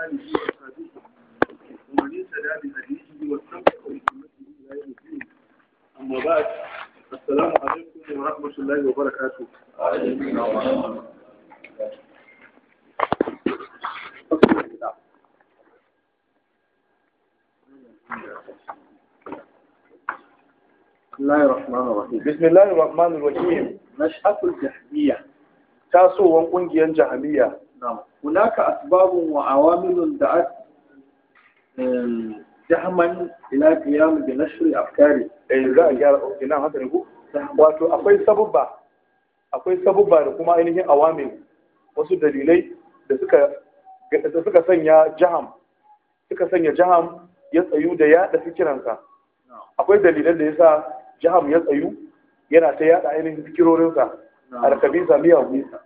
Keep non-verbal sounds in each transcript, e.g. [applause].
آله ومن بهديه إلى يوم الدين أما بعد السلام عليكم ورحمة الله وبركاته بسم الله الرحمن الرحيم بسم الله الرحمن الرحيم نشأة الجهمية تاسو وان قنجيان نعم hunaka asbabun wa awamilun da at jahman ila qiyam bi nashr afkari eh za wato akwai sabubba akwai sabubba da kuma ainihin awamin wasu dalilai da suka da suka sanya jaham suka sanya jaham ya tsayu da yada fikiransa akwai dalilan da yasa jaham ya tsayu yana ta yada ainihin fikirorinsa alkabisa miyagunsa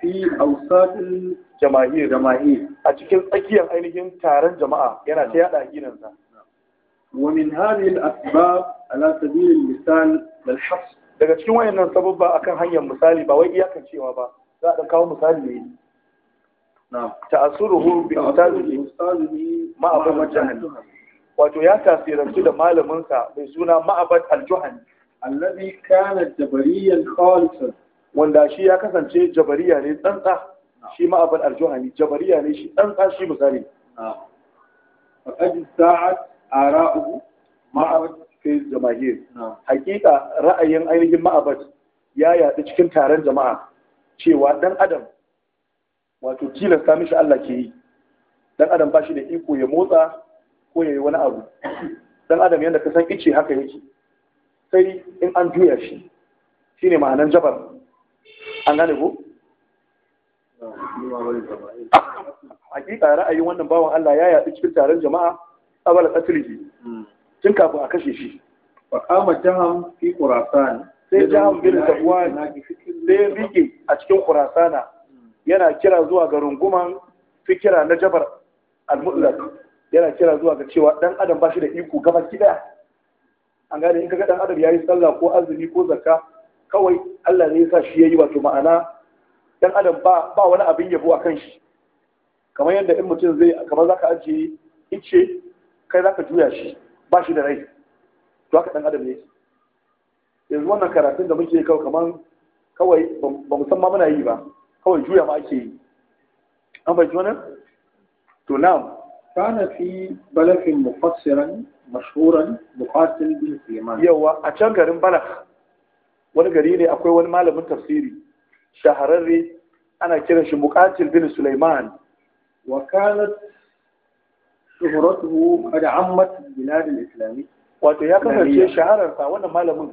fi ausatin jama'ir jama'ir a cikin tsakiyar ainihin taron jama'a yana ta yada aqidansa wa min hadhihi al-asbab ala sabil al-misal lil hasb daga cikin wayannan sababba akan hanyar misali ba wai iyakan cewa ba za a dan kawo misali ne na'am ta'assuruhu bi ustazihi ma'abat al-jahan wato ya tasirantu da malaminsa mai suna ma'abat al-jahan alladhi kana jabariyan khalisan wanda shi ya kasance jabariya ne tsantsa shi ma abin aljuhani jabariya ne shi tsantsa shi misali faƙaji sa'ad a ra'uhu ma'abat fi jama'ir hakika ra'ayin ainihin ma'abat ya yaɗu cikin taron jama'a cewa ɗan adam wato tilasta mishi Allah ke yi ɗan adam ba shi da iko ya motsa ko ya yi wani abu ɗan adam yadda ka san ice haka yake sai in an juya shi shine ma'anan jabar an gane ko hakika ra'ayin wannan bawan Allah ya yaɗu cikin taron jama'a abala qatrihi tun kafin a kashe shi fa qama jaham fi qurasan sai jaham bin safwan sai rike a cikin qurasana yana kira zuwa ga runguman fikira na jabar al-mutlaq yana kira zuwa ga cewa dan adam ba shi da iko gaba ki daya an gane in kaga dan adam yayi sallah ko azumi ko zakka kawai Allah ne ya sa shi yayi wato ma'ana dan adam ba ba wani abin yabo a kan shi kamar yadda in mutum zai kamar zaka ajiye ice kai zaka juya shi ba shi da rai to haka dan adam ne yanzu wannan karatun da muke kawai kamar kawai ba mu san ma muna yi ba kawai juya ma ake yi an bai wannan to na kana fi balafin mufassiran mashhuran muqatil bin yawa a can garin balaf wani gari ne akwai wani malamin tafsiri shahararre ana kiran shi muqatil bin Suleiman, wa kanat shuhratuhu qad ammat bilad al-islam wato ya kasance shahararsa wannan malamin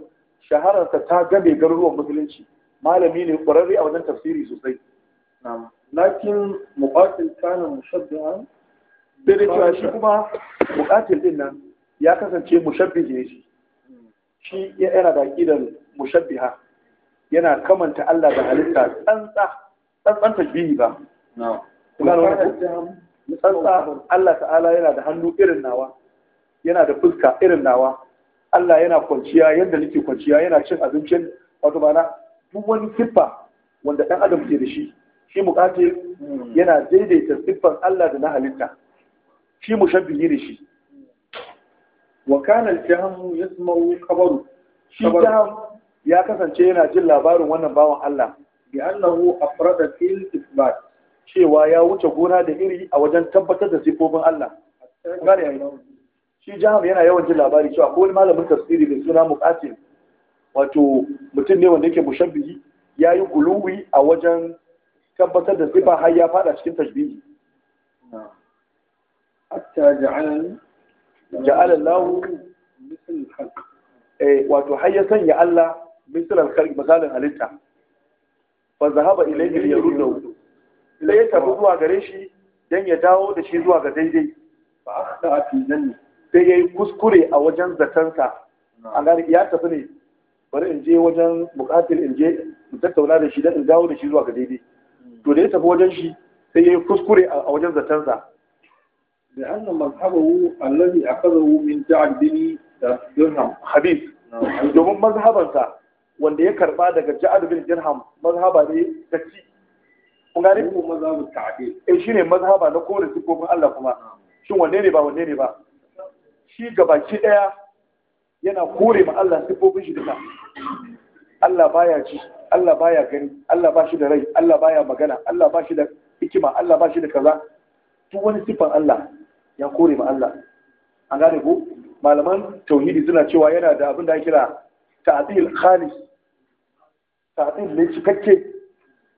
shahararsa ta game garuruwan musulunci malami ne ƙwararre a wajen tafsiri sosai lakin muqatil kana mushabbihan sai da cewa shi kuma muqatil din nan ya kasance mushabbihi ne shi shi yana da aqidar mushabbiha yana kamanta Allah da halitta tsantsa tsantsan tashbihi ba tsantsa Allah ta'ala yana da hannu irin nawa yana da fuska irin nawa Allah yana kwanciya yadda nake kwanciya yana cin abincin wato bana duk wani siffa wanda ɗan adam ke da shi shi muƙatir hmm. yana daidaita siffar Allah da na halitta shi mushabbihi da shi hmm. wa kana al-jahm yasma'u qabru shi jahm ya kasance yana jin labarin wannan bawan Allah bi annahu afrada fil isbat cewa ya wuce gona da iri a wajen tabbatar da sifofin Allah shi jaham yana yawan jin labari cewa ko malamin tafsiri da suna muqatil wato mutum ne wanda yake mushabbihi ya yi guluwi a wajen tabbatar da sifa har ya fada cikin tashbihi hatta ja'alan ja'alan lahu misal haqq eh wato har ya sanya Allah misal al-khalq misalin halitta fa zahaba ilayhi yaruddu sai ya tafi zuwa gare shi dan ya dawo da shi zuwa ga daidai fa akhta fi zanni sai yayi kuskure a wajen zatansa an gane ya tafi ne in je wajen bukatar in je in da shi dan in dawo da shi zuwa ga daidai hmm. to da ya tafi wajen shi sai yayi kuskure a wajen zatansa da annan mazhabahu allazi akhadahu min ta'addini dirham hadith domin mazhabansa wanda ya karba daga ja'ad bin dirham mazhaba ne ta ci kun gane ko mazhabu ta'dil eh shine mazhaba na kore sifofin Allah kuma shin wanne ne ba wanne ne ba shi gabaki daya yana kore ma Allah sifofin shi duka Allah baya ji Allah baya gani Allah ba shi da rai Allah baya magana Allah ba shi da hikima Allah ba shi da kaza duk wani sifan Allah ya kore ma Allah an gane ko malaman tauhidi suna cewa yana da abin da ake kira ta'dil khalis ta'dil ne cikakke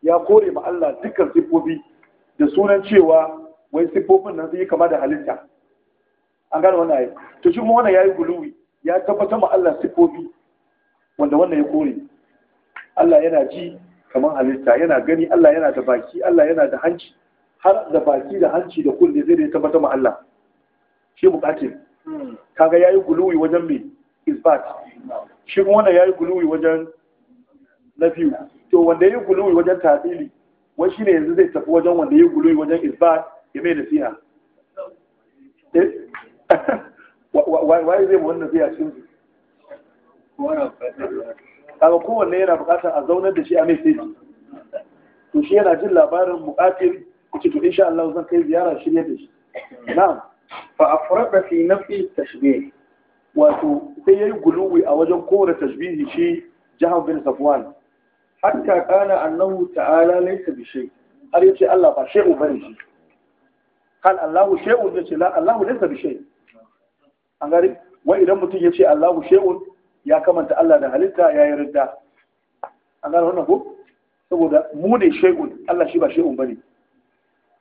ya kore ma Allah dukkan siffofi da sunan cewa wai siffofin nan sai kama da halitta an gane wannan ayi to shi kuma wannan yayi guluwi ya tabbatar ma Allah siffofi wanda wannan ya kore Allah yana ji kamar halitta yana gani Allah yana da baki Allah yana da hanci har da baki da hanci da kulle zai da ya tabbatar ma Allah shi bukatin hmm. kaga yayi guluwi wajen me isbat shi kuma wannan yayi guluwi wajen na biyu to wanda ya yi guluwi wajen tadili wai shi ne yanzu zai tafi wajen wanda ya yi guluwi wajen isba ya mai siya eh? [laughs] waye zai wani nasiha cikin su kawo kowanne yana buƙatar a zaunar da shi a mai sai to shi yana jin labarin bukatar kuce to insha Allah zan kai ziyara shirye da shi na'am fa afrada fi nafsi tashbih wato sai yayi guluwi a wajen kowane tashbihi shi jihar bin safwan hatta kana annahu ta'ala laysa bi shay har yace Allah ba shay'un bane shi kan Allahu shay'un yace la Allahu laysa bi shay an gari wai idan mutum yace Allahu shay'un ya kamanta Allah da halitta ya yi ridda an gari wannan ko saboda mu ne shay'un Allah shi ba shay'un bane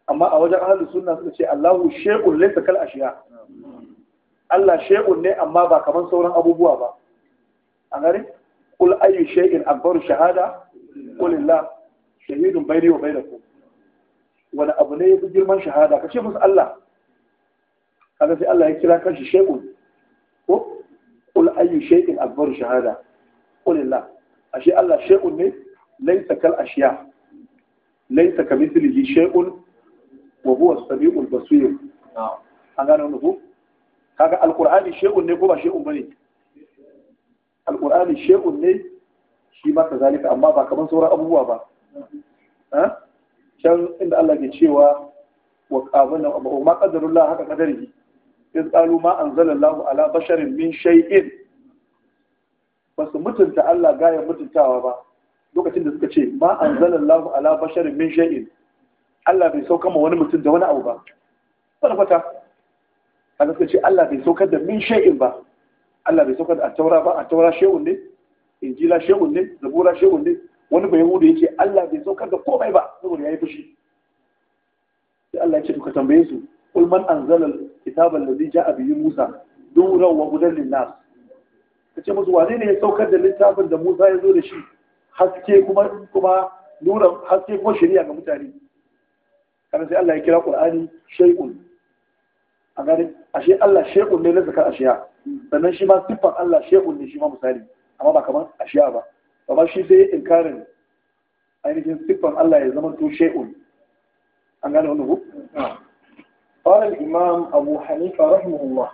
amma a wajen ahlus sunna suka ce Allahu shay'un laysa kal ashiya Allah shay'un ne amma ba kaman sauran abubuwa ba an gari kul ayu shay'in akbaru shahada qulillah wani abu ne yafi girman shahada ka ce musu Allah kaga sai Allah ya kira kanshi shay'un ko kul ayu shay'in akbaru shahada qulillah ashe Allah shay'un ne laysa kal ashiya laysa kamithlihi shay'un wa huwa as-sami'ul basir an ku kaga Alkur'ani shay'un ne ko ba alƙur'ani shehu ne shi ba ka zalika amma ba kamar sauran abubuwa ba can inda Allah ke cewa wa qabana wa ma qadarullah haka qadarihi in qalu ma anzalallahu ala basharin min shay'in basu mutunta Allah gaya mutuntawa ba lokacin da suka ce ma anzalallahu ala basharin min shay'in Allah bai sauka ma wani mutum da wani abu ba kwata kwata a suka ce Allah bai saukar da min shay'in ba Allah bai saukar da attaura ba attaura shehun ne injila shehun ne zabura shehun ne wani bai yahudu yake Allah bai saukar da komai ba saboda ya yi fushi sai Allah ya ce duka tambaye su kul man anzala kitaba allazi ja'a bihi Musa dura wa hudan linnas kace musu wane ne ya saukar da littafin da Musa ya zo da shi haske kuma kuma nura haske kuma shari'a ga mutane kana sai Allah ya kira Qur'ani shay'un a gare ashe Allah shay'un ne na zakar ashiya sannan shi ma siffan Allah shehun ne shi ma misali amma ba kamar ashiya ba amma shi sai inkarin ainihin siffan Allah ya zama to shehun an gane wannan قال الإمام أبو حنيفة رحمه الله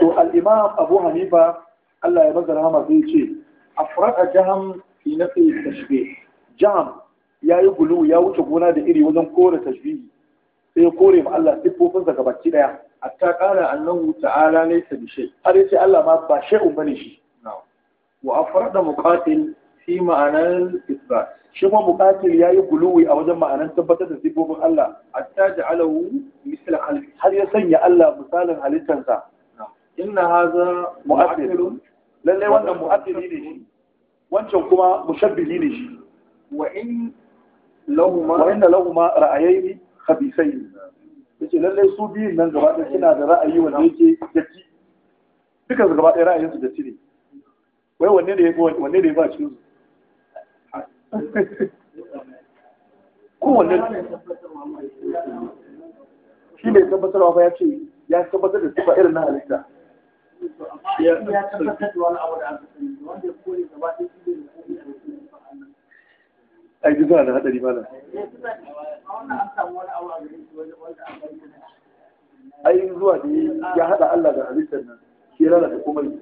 to al'imam abu hanifa Allah ya bazara hama zai ce a farar jaham fi na tashbe jaham ya yi gulu ya wuce gona da iri wajen kore tashbihi sai ya kore ma Allah siffofinsa ga baki hatta qala annahu ta'ala laysa bi shay har yace Allah ma ba shay'un ne shi wa afrada muqatil fi ma'anar isbat shi ma muqatil yayi guluwi a wajen ma'anar tabbatar da sifofin Allah hatta ja'alahu misla khalqi har ya sanya Allah misalin halittansa inna hadha mu'attilun lalle wannan mu'attili ne shi wancan kuma mushabbili ne shi wa in lahuma wa inna lahuma ra'ayayni khabisayni yake lallai su biyun nan gaba ɗaya suna da ra'ayi wanda yake datti dukkan su gaba ɗaya ra'ayinsu datti ne wai wanne ne wanne ne ba shi kowanne shi mai tabbatarwa ba ya ce ya tabbatar da sifa irin na halitta ya tabbatar da wani abu da aka sani wanda ya kore gaba ɗaya shi ne ai duk da hadari malam ai zuwa ne ya hada Allah da halittar nan shi lalata komai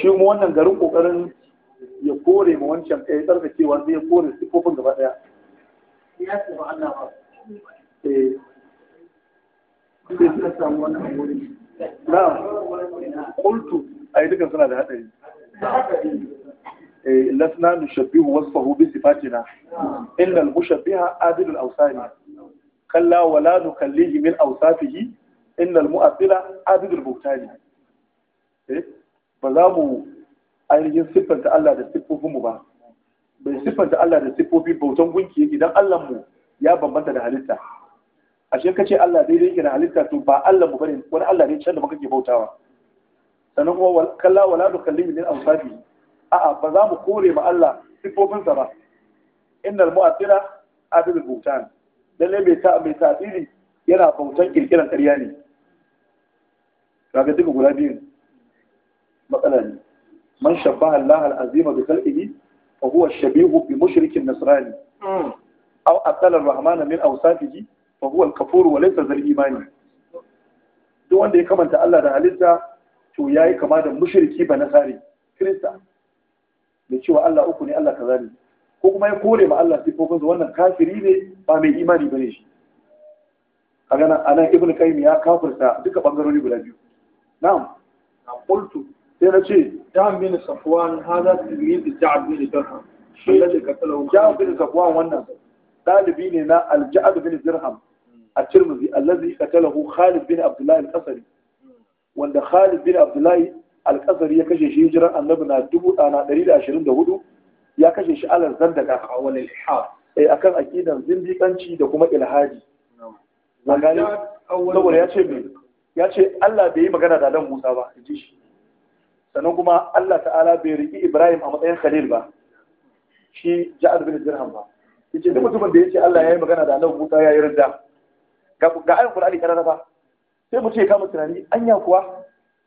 shi mu wannan garin kokarin ya kore ma wancan ya cewa sai ya kore sifofin gaba daya ya ce ba Allah ba eh sai samu wannan amuri na'am qultu ai dukan suna da hadari Eh, lasna nushabbihu wasfahu bi sifatina innal mushabbiha adilul awsani kalla wala nukallihi min awsafihi innal mu'attila adilul buhtani eh, ba za mu ainihin siffanta Allah da siffofinmu ba bai siffanta Allah da siffofi bautan gunki idan Allah mu ya bambanta da halitta ashe ka ce Allah daidai yake da halitta to ba Allah mu bane wani Allah ne can da muka ke bautawa sannan kuma kalla wala nukallihi min awsafihi a'a ba za mu kore ma Allah sifofinsa ba innal mu'athira adil butan lalle mai ta mai tasiri yana bautan kirkiran ƙarya ne kaga duka guda biyu matsala ne man shabbaha Allah al-azima bi khalqihi fa huwa shabihu bi mushrikin nasrani hmm. aw aqala ar-rahmana min awsafihi fa huwa al-kafur wa laysa zal imani duk wanda ya kamanta Allah da halitta to yayi kama da mushriki ba nasari krista da cewa Allah uku ne Allah kaza ne ko kuma ya kore ma Allah sifofinsa wannan kafiri ne ba mai imani bane shi a gana anan ibn qayyim ya kafirta duka bangarori guda biyu na'am na qultu sai na ce ja'am bin safwan hada tilmid ja'ad bin dirham shi da ka katalahu ja'ad bin safwan wannan dalibi ne na al-ja'ad bin dirham a tirmidhi allazi katalahu khalid bin abdullah al-qasri hmm. wanda khalid bin abdullah alƙazari ya kashe shi hijiran annabi na dubu ɗana ɗari da ashirin da hudu ya kashe shi alal zandaka a wani ilha eh, a kan aƙidan zindiƙanci da kuma ilhaji saboda ya ce ya ce Allah bai yi magana da dan Musa ba ji shi sannan kuma Allah ta'ala bai riƙi Ibrahim a matsayin Khalil ba shi Ja'ad bin Dirham ba yace duk mutumin da ya ce Allah ya yi magana da dan Musa ya yi ridda ga ayin Qur'ani karara ba sai mu ce kama tunani anya kuwa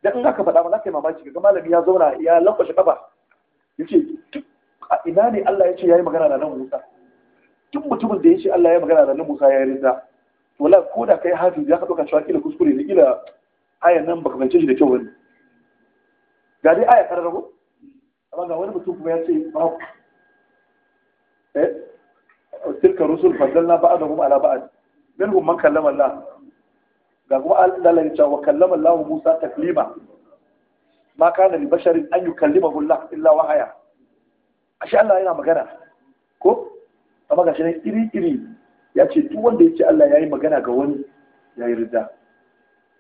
da in aka faɗa mana kai mamaki ga malami ya zauna ya lankwashe kafa ce a ina ne Allah ya ce ya yi magana da nan Musa Tun mutumin da ya ce Allah ya yi magana da nan Musa ya rinda to Wala ko da kai hafi ya ka ɗauka cewa kila kuskure ne kila ayan nan baka bance shi da kyau wani ga dai aya karar ko amma ga wani mutum kuma ya ce ba eh tilka rusul faddalna ba'dahum ala ba'd minhum man kallama Allah ga kuma Allah ya ce wa kallama Allah Musa taklima ma kana li basharin an yukallimahu Allah illa wahaya ashe Allah yana magana ko amma gashi nan iri iri ya ce duk wanda ya ce Allah ya yi magana ga wani ya yi ridda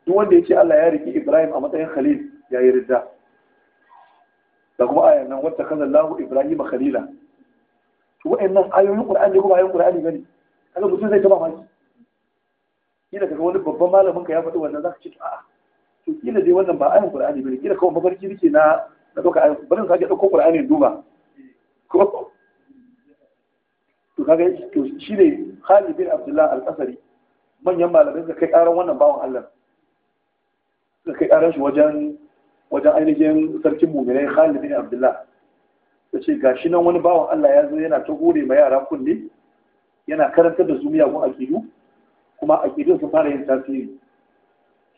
duk wanda ya ce Allah ya riki Ibrahim a matsayin Khalil ya yi ridda da kuma ayan nan wata kaza Allahu Ibrahim Khalila to wa'annan ayoyin Qur'ani kuma ayoyin Qur'ani bane kaga mutum zai ta mamaki kila kaga wani babban malamin ka ya faɗi wannan zaka ce a'a to kila dai wannan ba ayin qur'ani bane kila kawai mafarki nake na na doka ayin bari sake dauko qur'ani in duba ko to kaga to shine Khalid bin Abdullah al-Qasri manyan malamai da kai karan wannan bawan Allah da kai karan shi wajen wajen ainihin sarkin mu'minai Khalid bin Abdullah ta ce ga shi nan wani bawan Allah ya zo yana ta gode ma yara kunne yana karantar da su miyagun kidu. kuma a ƙidin sun fara yin tasiri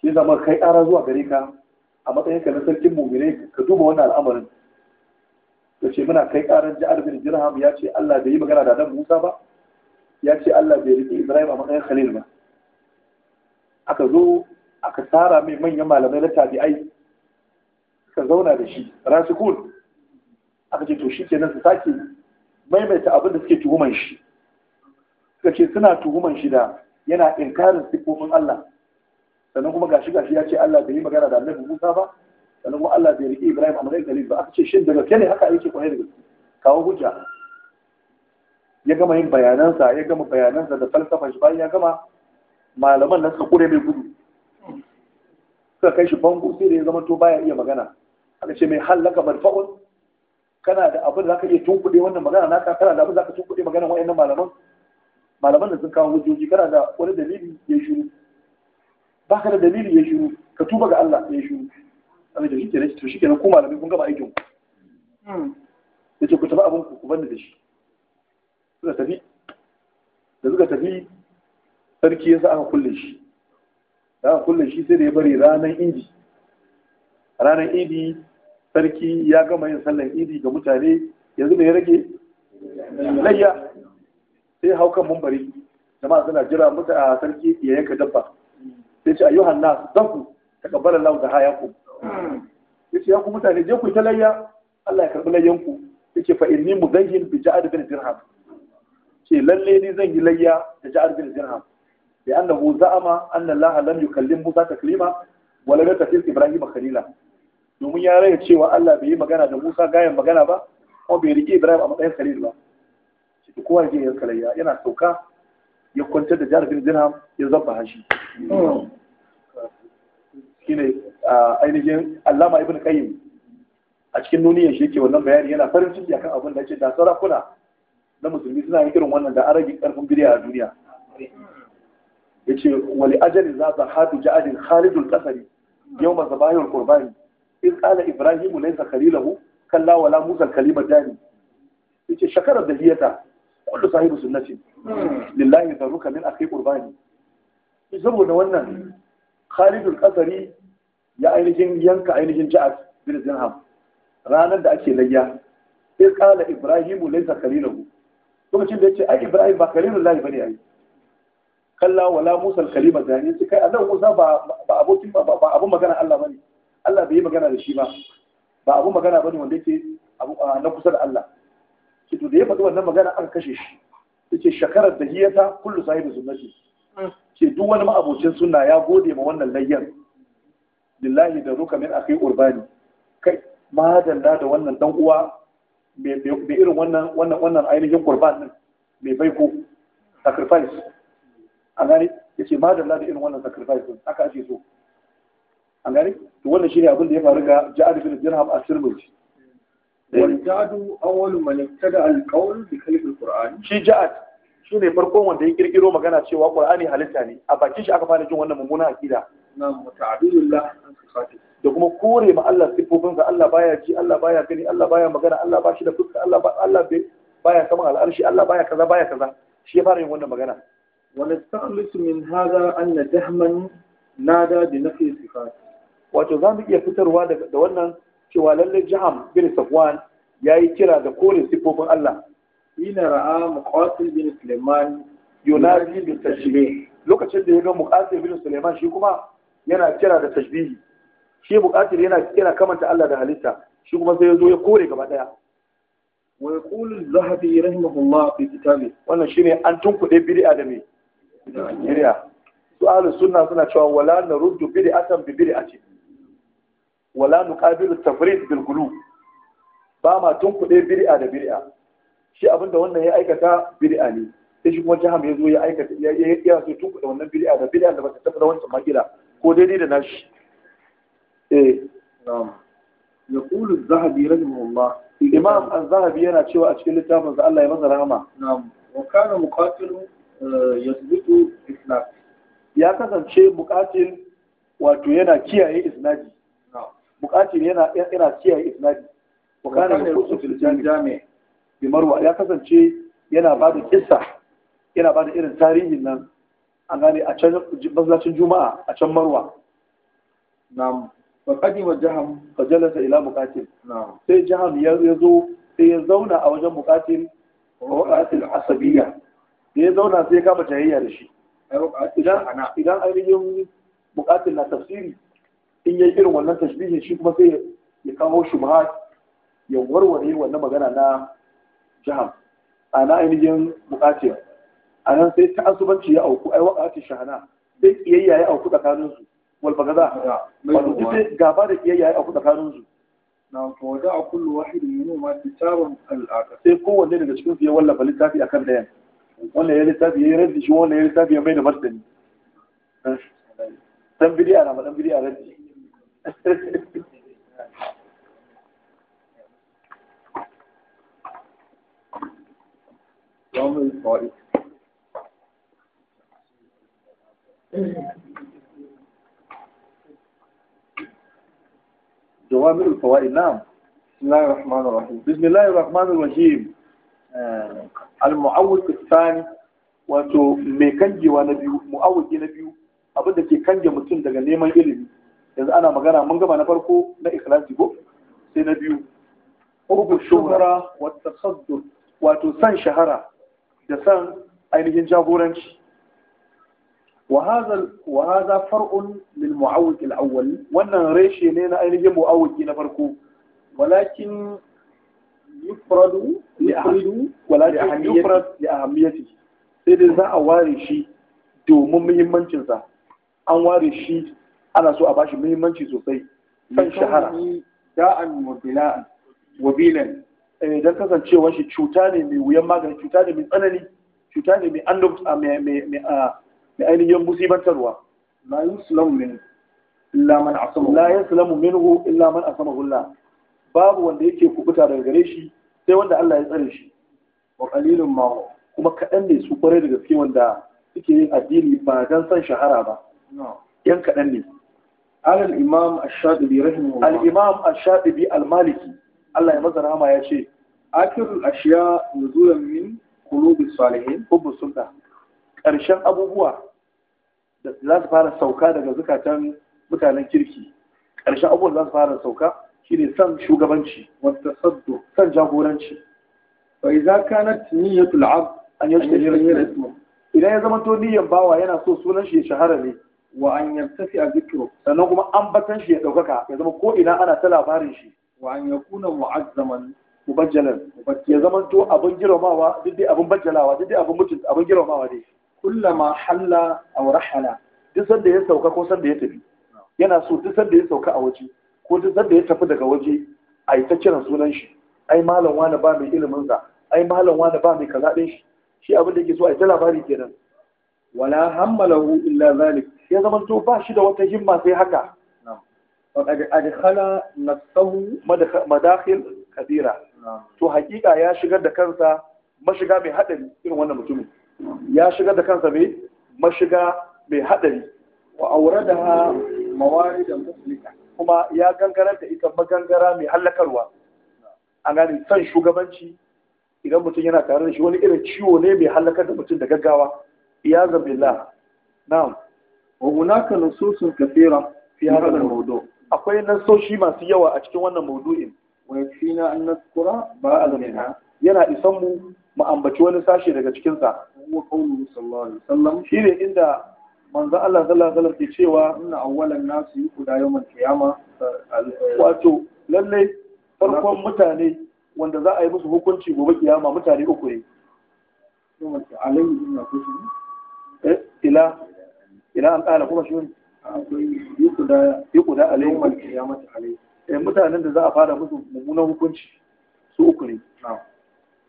shi zama kai ƙara zuwa gare ka a matsayin ka na sarkin mumine ka duba wannan al'amarin ka ce muna kai ƙaran ja'ar bin jirham ya ce Allah bai yi magana da nan Musa ba ya ce Allah bai riƙe Ibrahim a matsayin Khalil ba aka zo aka tsara mai manyan malamai na tabi'ai suka zauna da shi rasikun aka ce to shi kenan su sake maimaita abin da suke tuhuman shi suka ce suna tuhuman shi da yana inkarin sifofin Allah sannan kuma gashi gashi ya ce Allah bai yi magana da Annabi Musa ba sannan kuma Allah bai riƙe Ibrahim a matsayin Khalil ba aka ce shin daga ke ne haka yake kwaye da gaske kawo hujja ya gama yin bayanansa ya gama bayanansa da falsafa shi bayan ya gama malaman nan suka kure mai gudu suka kai shi bango sai da ya zama to baya iya magana aka ce mai hallaka marfa'un kana da abin da zaka iya tunkuɗe wannan magana naka kana da abin da zaka tunkuɗe magana wa'annan malaman malaman da sun kawo hujjoji kana da wani dalili ya shiru ba ka da dalili ya shiru ka tuba ga Allah ya shiru abin da shike ne to shike ne ko malamai kun gaba aikin ku hmm. ce ku tafi abin ku ku banda da shi suka tafi da suka tafi sarki ya sa aka kulle shi da aka kulle shi sai da ya bari ranar idi ranar idi sarki ya gama yin sallar idi ga mutane yanzu ne ya rage layya sai hau kan mumbari jama'a suna jira mutu a sarki ya yanka dabba sai ce ayyuhan nas zaku takabbala lahu da hayaku Sai ya ku mutane je ku ta layya Allah ya karbi layyanku yace fa inni mudayyin bi ja'ad bin dirham ce lalle ni zan yi layya da ja'ad bin dirham bi annahu za'ama anna Allah lam yukallim Musa taklima wa lam yattakhidh Ibrahim khalila domin ya raya cewa Allah bai yi magana da Musa gayan magana ba kuma bai rike Ibrahim a matsayin khalil ba da kowa je ya karayya yana sauka ya kwantar da jarabin dirham ya zaba hashi shine ainihin allama ibn qayyim a cikin nuniyar shi yake wannan bayani yana farin ciki akan abin da yake da sarakuna na musulmi suna yin irin wannan da an rage karfin birya a duniya yace wali ajali za ta hadu ja'alin khalidul qasari yawma zabahir qurbani in qala ibrahim laysa khalilahu kalla wala musa kalimatan yace shakara da hiyata kullu sahibu sunnati lillahi zaruka min akhi qurbani saboda wannan al Qasari ya ainihin yanka ainihin Ja'ad bin ranar da ake layya sai kala Ibrahimu laysa kalilahu lokacin da yace ai Ibrahim ba kalilullahi bane ai kalla wala Musa al-kalima zani sai kai Allah Musa ba ba abokin ba ba abun magana Allah bane Allah bai yi magana da shi ba ba abun magana bane wanda yake na kusa da Allah to da ya faɗi wannan magana aka kashe shi ta ce shakarar da hiyata kullu sahibu sunnati hmm. ce duk wani ma'abocin sunna ya gode ma wannan layyan lillahi da ruka min akai urbani kai madalla da wannan dan uwa mai irin wannan wannan wannan ainihin qurban din mai baiko sacrifice a gane yace madalla da irin wannan sacrifice din haka ake so a gani. to wannan shine abin da ya faru ga Ja'ad bin Dirham a Tirmidhi والجاد أول wani ابتدأ القول da القرآن شي جاءت shi shi ne farkon wanda ya kirkiro magana cewa Qur'ani halitta ne a bakin shi aka fara jin wannan mummunan an na'am ta'dilullah da kuma kore ma Allah sifofin ga Allah baya ji Allah baya gani Allah baya magana Allah ba shi da fuska Allah ba Allah baya sama al'arshi Allah baya kaza baya kaza shi ya fara yin wannan magana Wani ta'lisu min hadha anna dahman nada bi nafi sifat wato mu iya fitarwa da wannan cewa lalle jiham bin safwan ya yi kira da kore sifofin Allah ina ra'a muqatil bin suleiman yunadi bi tashbih lokacin da ya ga muqatil bin suleiman shi kuma yana kira da tashbihi shi muqatil yana kira kamanta Allah da halitta shi kuma sai ya zo ya kore gaba daya wa yaqulu az-zahabi rahimahullah fi kitabi wannan shine an tunkuɗe bid'a da me bid'a su sunna suna cewa wala naruddu bid'atan bi bid'atin wala nuqabilu tafrid bil qulub ba ma tunkuɗe bid'a da bid'a shi abinda wannan ya aikata bid'a ne sai shi kuma jaham ya zo ya aikata ya ya so tunkuɗe wannan bid'a da bid'a da ba ta tabbata wancan makila ko dai-dai da nashi eh na'am يقول الذهبي رحمه الله الإمام الذهبي yana cewa a cikin littafin sa Allah ya maza rahama na'am wa kana muqatilu eh, yasbutu isnad ya kasance muqatil wato yana kiyaye isnadi bukatin yana ina kiyaye isnadi wa ya kusa fil jami' bi marwa ya kasance yana ba da kissa yana ba da irin tarihin nan an gane a can masallacin juma'a a can marwa na'am wa qadima jaham fa jalasa ila bukatin na'am sai jaham ya zo sai ya zauna a wajen bukatin ruqatil asabiyya Sai ya zauna sai ya kama jayayya da shi idan ainihin bukatun na tafsiri in yayi irin wannan tashbihin shi kuma sai ya kawo shubha ya warware wannan magana na jihar a na ainihin bukatiya a nan sai ta asubanci ya auku ai wakati shahana sai kiyayya ya auku tsakanin su wal bagaza wato duk gaba da kiyayya ya auku tsakanin su na fawada a kullu wahidin minhu ma kitabun al'aka sai kowanne daga cikin su ya wallafa littafi akan dayan wannan ya littafi ya raddi shi wannan ya littafi ya mai da martani eh. dan bidiya na ma dan bidiya raddi جواب الفوائد نعم بسم الله الرحمن الرحيم بسم الله الرحمن الرحيم المعوذ الثاني wato mai kanjewa na biyu mu'awuki na biyu abin da ke kanje mutum daga neman ilimi yanzu ana magana mun gama na farko na ikhlasi ko sai na biyu ubu shuhra wa tasaddur wato san shahara da san ainihin jagoranci وهذا وهذا فرع للمعوق الاول وانا ريشي لنا اينجي معوق na farko ولكن يفرد لأهميته ولكن يفرد لأهميته sai dai za a ware shi domin muhimmancinsa an ware shi ana so a bashi muhimmanci sosai san shahara da'an mubila Wabila. eh dan kasancewar shi cuta ne mai wuyan magani cuta ne mai tsanani cuta ne mai annab mai mai mai ainihin musibantarwa la yuslamu min illa man asama la yuslamu minhu illa man asama Allah babu wanda yake kubuta daga gare shi sai wanda Allah ya tsare shi wa qalilun ma kuma kaɗan ne su kwarai da gaske wanda suke yin addini ba dan san shahara ba yan kaɗan ne قال الإمام الشاطبي رحمه الله الإمام الشاطبي المالكي الله يمزر هما يا a آخر الأشياء نزولا من قلوب الصالحين حب السنة ƙarshen abubuwa da za su fara sauka daga zukatan mutanen kirki ƙarshen abubuwan za su fara sauka shine san shugabanci wata saddo san jagoranci fa idza kanat niyyatul abd an yashhara ismu idan ya zama to niyyan bawa yana so sunan shi ya shahara ne wa an yartafi a zikiro sannan kuma ambatan shi ya ɗaukaka ya zama ko ina ana ta labarin shi wa an kuna mu'azzaman mubajjalan ya zama to abin girmamawa duk dai abin bajjalawa duk dai abin mutum abin girmamawa dai kullama halla aw rahala duk sanda ya sauka ko sanda ya tafi yana so duk sanda ya sauka a waje ko duk sanda ya tafi daga waje a yi ta kiran sunan shi ai malam wani ba mai ilimin sa ai malam wani ba mai kaza din shi shi abin da yake so a yi ta labari kenan wala hammalahu illa zalik ya zama to ba shi da wata himma sai haka adkhala nafsahu madakhil kabira to hakika ya shigar da kansa mashiga mai hadari irin wannan mutumin ya shigar da kansa mai mashiga mai hadari wa auradaha mawaridan muslika kuma ya gangarar da ita magangara mai hallakarwa A gani son shugabanci idan mutum yana tare da shi wani irin ciwo ne mai hallakar da mutum da gaggawa iyazan billah na'am wa hunaka nususun kathira fi hadha al-mawdu akwai nasoshi masu yawa a cikin wannan mawdu'in wa yakfina an nazkura ba'd minha yana isan mu mu ambaci wani sashi daga cikin sa wa sallallahu alaihi wasallam shine inda manzo Allah sallallahu alaihi wasallam ke cewa inna awwalan nas yuqda yawmal qiyama wato lalle farkon mutane wanda za a yi musu hukunci gobe kiyama mutane uku ne eh, ila ila an ƙara kuma shi yi kuda alaihi eh, mutanen da za a fara musu mummunan hukunci su uku ne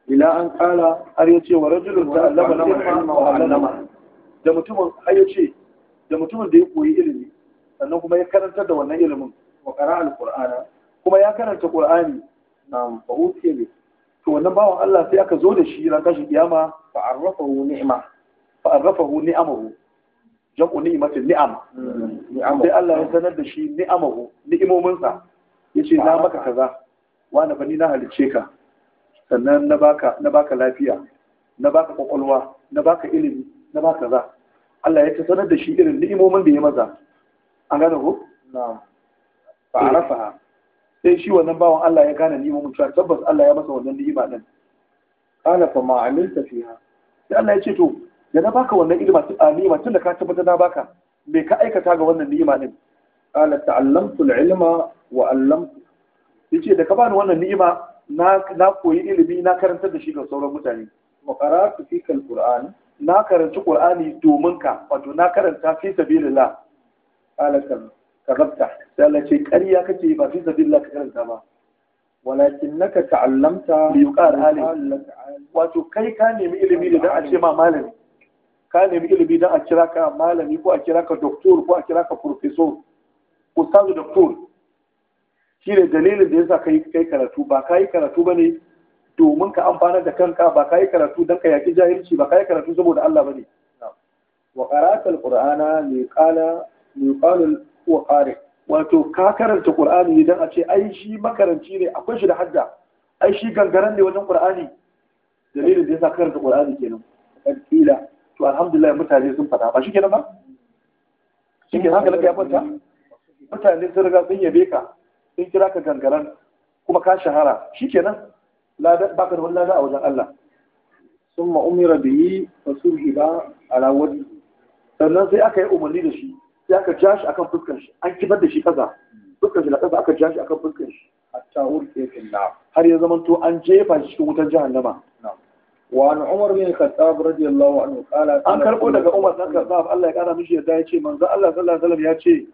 ila an ƙara har ya ce wa rajulun da allama na mu'amma da mutumin har yace da mutumin da ya koyi ilimi sannan kuma ya karantar da wannan ilimin wa qara al kuma ya karanta Al-ƙur'ani na fa ne. to wannan bawan Allah sai aka zo da shi ran kashi kiyama fa arrafahu ni'ma fa arrafahu ni'amahu jam'u ni'matin ni'am sai Allah ya sanar da shi ni'amahu ni'imominsa yace na maka kaza wani bani na halicce ka sannan na baka na baka lafiya na baka kwakwalwa na baka ilimi na baka kaza Allah ya sanar da shi irin ni'imomin da ya maza an gane ko na'am eh. fa arafa sai shi wannan bawan Allah ya gane ni'imomin cewa tabbas Allah ya masa wannan ni'ima din qala fa ma fiha sai Allah ya ce to da na baka wannan ni'ima tun da ka tabbatar na baka me ka aikata ga wannan ni'ima din qala ta'allamtu al-ilma wa 'allamtu yace da ka bani wannan ni'ima na koyi ilimi na karantar da shi ga sauran mutane wa qara'tu fika al-qur'an na karanci qur'ani domin ka wato na karanta fi sabilillah qala karabta sai Allah ce ƙarya kake ba fi sabilillah ka karanta ba walakinnaka ta'allamta li yuqara wato kai ka nemi ilimi da dan a ce ma malami ka nemi ilimi don a kira ka malami ko a kira ka doktor ko a kira ka professor ustazu doktor shi ne dalilin da yasa sa kai karatu ba ka yi karatu ba ne domin ka amfana da kanka ba ka yi karatu don ka yaki jahilci ba ka yi karatu saboda Allah ba ne wa qara'at al-qur'ana li qala li qala wa qari wato ka karanta qur'ani idan a ce ai shi makaranci ne akwai shi da hadda ai shi gangaren ne wajen qur'ani dalilin da yasa karanta qur'ani kenan kila to alhamdulillah mutane sun fada ba shi kenan ba shi ke hankalin ya kwanta mutane sun riga sun yabe ka sun kira ka gangaran kuma ka shahara shi kenan ladan baka da wani lada a wajen Allah sun ma'umira da yi fasu ba a wani sannan sai aka yi umarni da shi sai aka ja shi akan fuskar shi an kibar da shi kaza fuskar shi na kaza aka ja shi akan fuskar shi hatta urke fil har ya zamanto an jefa shi cikin wutar jahannama وعن عمر بن الخطاب رضي الله عنه قال أن كربو لك عمر بن الخطاب الله يقال مشي يدا يشي من الله صلى الله عليه وسلم يشي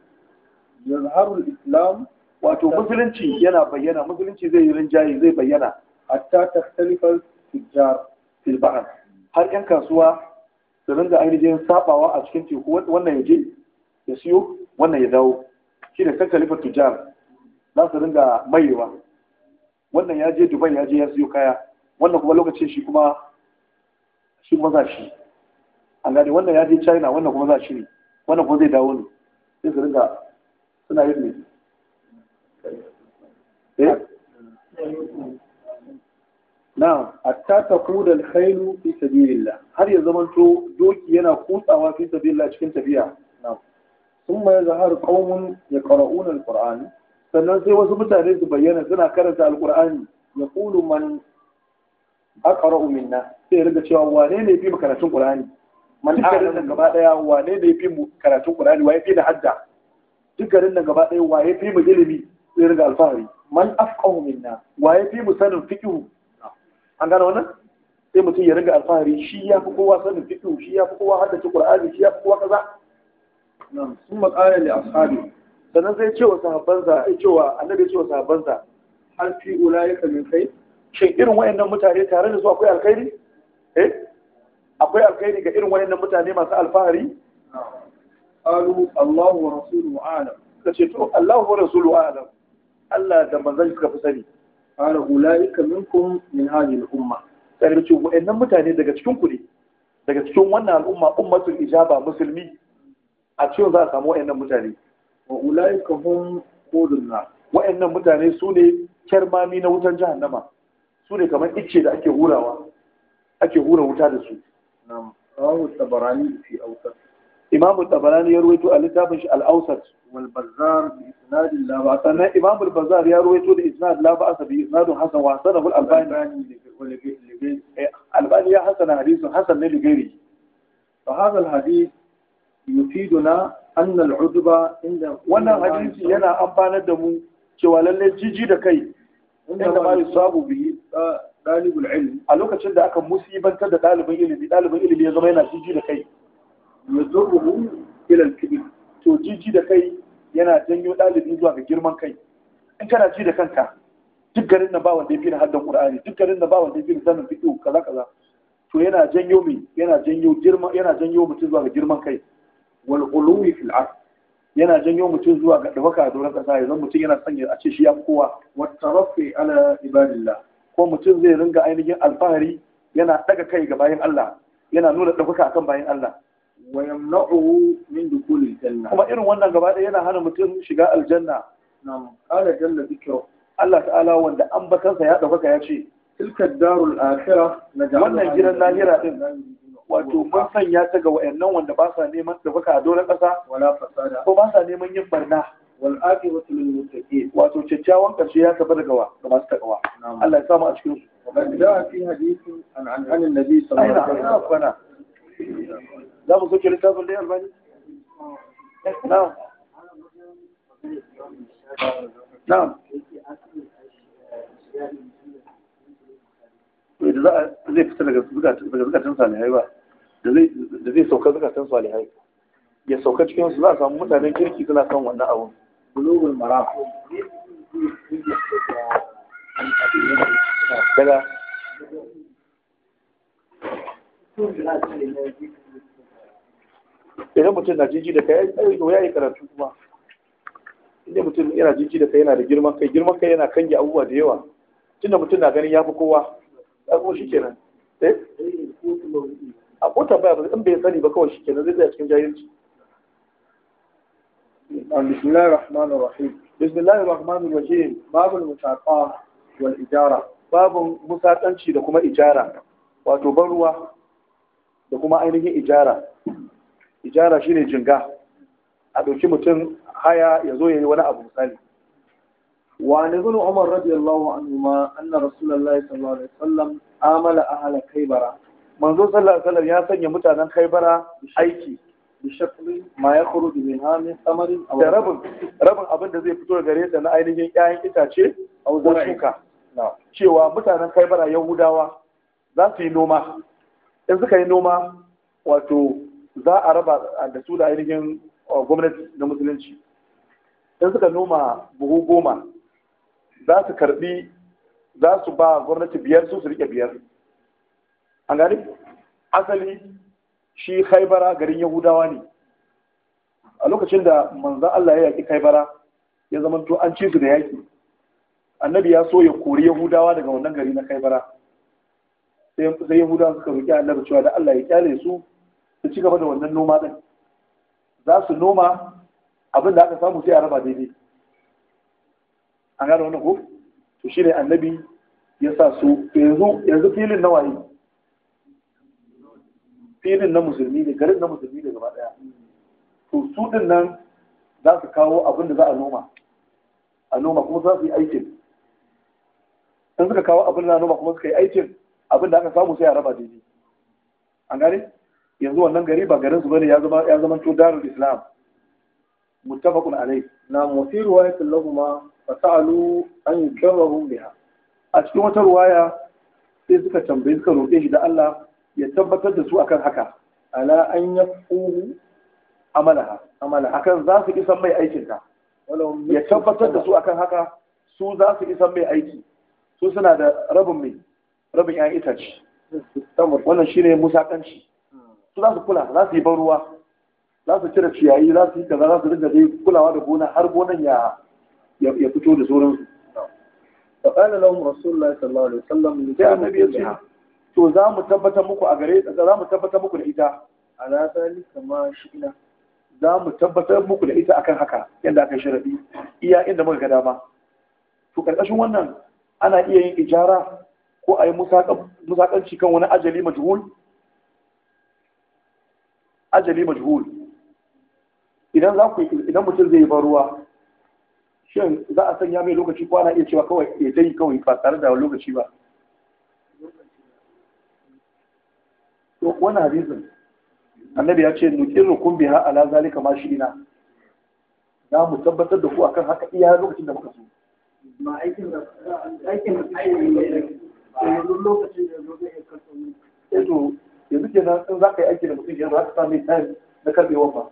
يظهر الإسلام wato musulunci yana bayyana musulunci zai yi rinjaye zai bayyana hatta takhtalifal tijjar fil bahr har yan kasuwa su ringa ainihin sabawa a cikin teku wannan ya ya siyo wannan ya dawo shi ne takhtalifal tijjar za su ringa mayewa wannan ya je dubai yaje ya siyo kaya wannan kuma lokacin shi kuma shi kuma za shi an gane wannan ya je china wannan kuma za shi ne wannan kuma zai dawo ne sai su ringa suna yin ne eh ta hatta taqud al-khayl fi sabilillah har ya to doki yana kutsawa fi sabilillah cikin tafiya ma yanzu har kaunin ya al-qur'an sannan sai wasu mutane su bayyana suna karanta al ya yaqulu man aqra'u minna sai ya riga cewa wane ne fi karatun qur'ani man a'lam nan gaba daya wane ne fi mu karatun qur'ani waye fi da hadda duk garin nan gaba daya waye fi mu ilimi sai riga alfahari man afqahu minna waye fi mu sanin fiqhu an gano wannan sai mutum ya riga alfahari shi ya fi kowa sanin fiqhu shi ya fi kowa haddace qur'ani shi ya fi kowa kaza nan sun maƙala li ashabi sannan sai ya ce cewa sahabbansa ai cewa annabi ya ce cewa sahabbansa hal fi ulaika min kai shin irin wayannan mutane tare da su akwai alkhairi eh akwai alkhairi ga irin wayannan mutane masu alfahari alu Allahu wa rasuluhu a'lam kace to Allahu wa rasuluhu a'lam Allah da manzon ka fi sani qala ulaika minkum min hadhihi al-umma sai da cewa wayannan mutane daga cikin ku ne daga cikin wannan al'umma ummatul ijaba musulmi a cikin za a samu wayannan mutane wa ulaika hum qudunna wayannan mutane su ne kermami na wutan jahannama su ne kamar icce da ake hurawa ake hura wuta da su imam tabarani ya ruwaito a littafin shi al-awsat wal bazzar bi isnad la ba'sa sannan imam al ya ruwaito da isnad la ba'sa bi isnad hasan wa da al albani albani ya na hadisin hasan ne ligari fa hadha al hadith yufiduna an al udba inda wannan hadisi yana amfanar da mu cewa lalle jiji da kai inda ma yusabu bihi dalibul ilm a lokacin da aka musibantar da dalibin ilimi dalibin ilimi ya zama yana jiji da kai ya yuzurruhu ila al-kibr to jiji da kai yana janyo dalibi zuwa ga girman kai in kana ji da kanka duk garin nan ba wanda ya fi haddan qur'ani duk garin nan ba wanda ya fi sanin fiqh kaza kaza to yana janyo mai yana janyo girma yana janyo mutum zuwa ga girman kai wal quluwi fil ard yana janyo mutum zuwa ga dawaka da wurin kasa yanzu mutum yana sanya a ce shi ya kowa watarafi ala ibadillah ko mutum zai ringa ainihin alfahari yana daga kai ga bayan Allah yana nuna ɗaukaka akan bayan Allah wa yamna'uhu min dukhulil janna kuma irin wannan gaba ɗaya yana hana mutum shiga aljanna na'am qala jalla dhikru Allah ta'ala wanda ambatansa ya ɗaukaka ya ce tilka darul akhirah wannan gidan lahira din wato mun sanya ta ga wayannan wanda ba sa neman ɗaukaka a doron ƙasa wala fasada ko ba sa neman yin barna wal aqibatu lil muttaqin wato kyakkyawan ƙarshe ya tafi daga wa ga masu takawa Allah ya samu a cikin su da fi في حديث an عن النبي sallallahu alaihi wasallam za mu soke littafin da yarbani? na'am na'am to da za zai fita daga zukatan salihai ba da zai sauka zukatan salihai ya sauka cikin su za a samu mutanen kirki suna son wannan abun bulugul maram daga idan mutum na jiji da kai ya yi karatu kuma inda mutum yana jiji da kai yana da girman kai girman kai yana kange abubuwa da yawa tunda mutum na ganin ya fi kowa ya kuma shi kenan eh a ko baya ba in bai sani ba kawai shi kenan zai tsaya cikin jahilci بسم الله الرحمن الرحيم بسم الله الرحمن الرحيم باب المساقة والإجارة باب مساقنشي da kuma ijara wato ban ruwa da kuma ainihin ijara ijara shine jinga a ɗauki mutum haya ya zo ya yi wani abu misali وعن ابن عمر رضي الله عنهما أن رسول الله صلى الله عليه وسلم آمل أهل خيبرة منذ صلى الله عليه وسلم يسن يمتانا خيبرة أيكي بشكل ما يخرج منها من ثمر أو رب رب ربن أبن ده زي فتور غريسة أنا أين جين يعين إتاتشي أو زرعيكا cewa mutanen kaibara yahudawa za su yi noma in suka yi noma za a raba da su da ainihin gwamnati na musulunci in suka noma buhu goma za su karbi za su ba gwamnati biyar su su rike biyar an gani asali shi haibara garin yahudawa ne a lokacin da manzan Allah ya yaƙi haibara ya zamanto an ci su da yaƙi annabi ya so ya kori yahudawa daga wannan gari na haibara sai yahudawa suka roƙi annabi cewa da Allah ya kyale su su ci gaba da wannan noma din za su noma abin da aka samu sai a raba daidai an gane wani ko to shi ne annabi ya sa su yanzu yanzu filin na waye filin na musulmi ne garin na musulmi ne gaba daya to su din nan za su kawo abin da za a noma a noma kuma za su yi aikin in suka kawo abin da noma kuma suka yi aikin abin da aka samu sai a raba daidai an gane yanzu wannan gari ba garin su bane ya zama ya zama to darul islam muttafaqun alayh na mufi riwayatin lahuma fa sa'alu an yukarrahu biha a cikin wata ruwaya sai suka tambayi suka roƙe shi da Allah ya tabbatar da su akan haka ala an yafu amalaha amalaha akan za su isan mai aikin ya tabbatar da su akan haka su za su isan mai aiki su suna da rabin mai rabin 'ya'yan itace wannan shine musakanci hmm. su za su kula za su yi ban ruwa za su cire ciyayi za su yi kaza za su dinga dai kulawa da gona har gonan ya ya fito da sauransu qala lahum rasulullahi sallallahu alaihi wasallam ya nabi ya ce to za mu tabbatar muku a gare za mu tabbatar muku da ita ala zalika ma shi'na za mu tabbatar muku da ita akan haka yadda aka sharadi iya inda muka ga dama to karkashin wannan ana iya yin ijara ko a yi musakanci kan wani ajali majhul ajali majhul idan za ku idan mutum zai bar ruwa shin za a sanya mai lokaci ko ana iya cewa kawai ya ta yi kawai ba tare da lokaci ba to wani hadisin annabi ya ce nukiru kun biha ala zalika ma shi ina za mu tabbatar da ku akan haka iya lokacin da muka so ma aikin da aikin da ne lokacin da zo zai karɓo ne eh to yanzu kenan in za ka yi aiki da mutum yanzu za ka sa mai time na karɓewa ba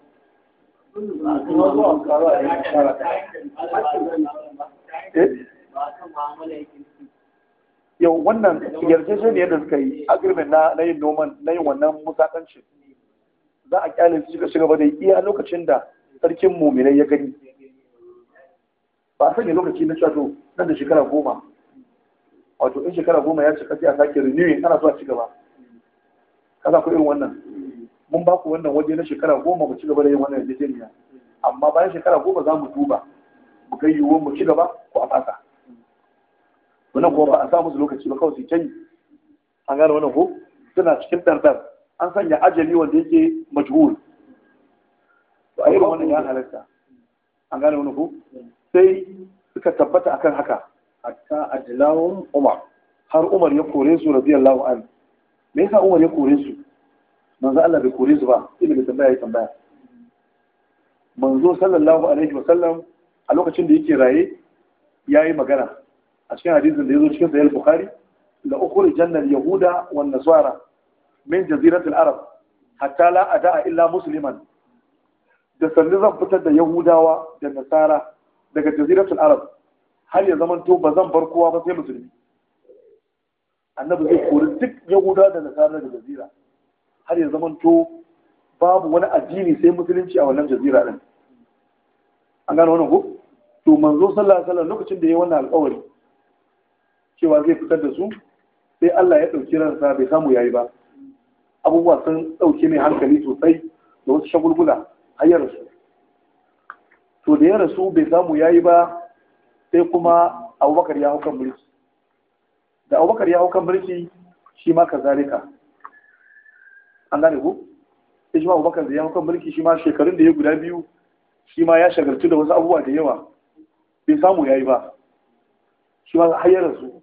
Eh? yau wannan yarjejeniyar da suka yi agirmin na yin noman na yin wannan musakancin za a kyale su suka shiga da iya lokacin da sarkin muminai ya gani ba a sanya lokaci na shato nan da shekara goma wato in shekara goma ya ce kasi a sake renewing ana so a ci gaba kaza ku irin wannan mun ba ku wannan waje na shekara goma mu ci gaba da yin wannan yarjejeniya amma bayan shekara goma za mu duba mu kai yiwuwar mu ci gaba ko a fasa wannan kuma ba a sa musu lokaci ba kawai su ta yi an gane wannan ko suna cikin dardar an sanya ajali wanda yake majhul to a irin wannan ya halarta. an gane wannan ko sai suka tabbata akan haka hatta ajlawun umar har umar ya kore su radiyallahu an me yasa umar ya kore su manzo Allah bai kore su ba sai da tambaya ya tambaya manzo sallallahu alaihi wa sallam a lokacin da yake raye yayi magana a cikin hadisin da zo cikin sahih bukhari la ukhrijanna yahuda wan nasara min jazirat al-arab hatta la ada'a illa musliman da sannu zan fitar da yahudawa da nasara daga jaziratul arab har ya zamanto ba zan bar kowa ba sai musulmi annabi zai kori duk yahudawa da nasara daga jazira har ya zamanto babu wani addini sai musulunci a wannan jazira din an gano wannan ko to manzo sallallahu alaihi wasallam lokacin da ya wannan alƙawari cewa zai fitar da su sai Allah ya ɗauki ransa bai samu yayi ba abubuwa sun dauke mai hankali sosai da wasu shagulgula har ya rasu to da ya rasu bai samu yayi ba sai kuma abubakar ya hau mulki da abubakar ya hau kan mulki shi ma kazalika an gane ku sai shi ma abubakar da ya hau mulki shi ma shekarun da ya guda biyu shi ma ya shagaltu da wasu abubuwa da yawa bai samu ya yi ba shi ma hayyarar su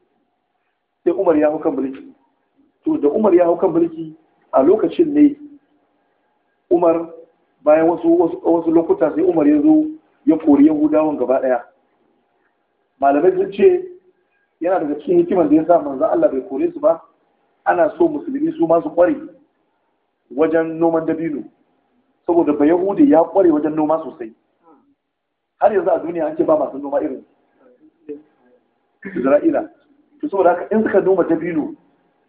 sai umar ya hau kan mulki to da umar ya hau kan mulki a lokacin ne umar bayan wasu lokuta sai umar ya zo ya kori yahudawan gaba daya malamai sun ce yana daga cikin hikimar da ya sa manzo Allah bai kore su ba ana so musulmi su masu kware wajen noman dabino saboda ba yahudi ya kware wajen noma sosai har yanzu a duniya an ba masu noma irin isra'ila to saboda haka in suka noma dabino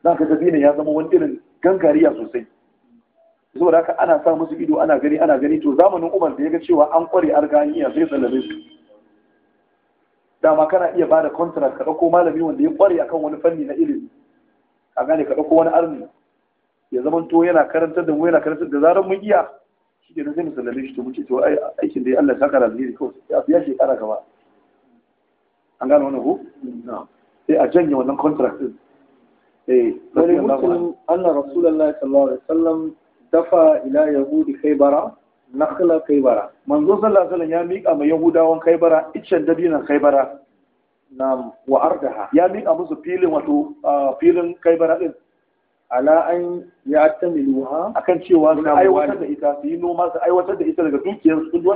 za ka dabino ya zama wani irin gangariya sosai saboda haka ana sa musu ido ana gani ana gani to zamanin umar da ya ga cewa an kware arganiya sai sallame su dama kana iya ba da contract ka ɗauko malami wanda ya kware akan wani fanni na ilimi a gane ka ɗauko wani arni ya zama to yana karantar da mu yana karantar da zarar mun iya shi ne sai mu shi to mu ce to ai aikin da Allah ya saka da alheri kawai ya biya shi kara gaba an gano wannan ko sai a janye wannan contract din eh bari mutum Allah rasulullahi sallallahu alaihi wasallam dafa ila yahudi khaybara nakhla khaybara manzo sallallahu alaihi wasallam ya mika ma yahudawan khaybara iccen dabinan khaybara na wa ardaha ya mika musu filin wato ah, filin khaybara din ala an ya tamiluha akan cewa su aiwatar da ita su yi noma su aiwatar da ita daga dukiyar su kudu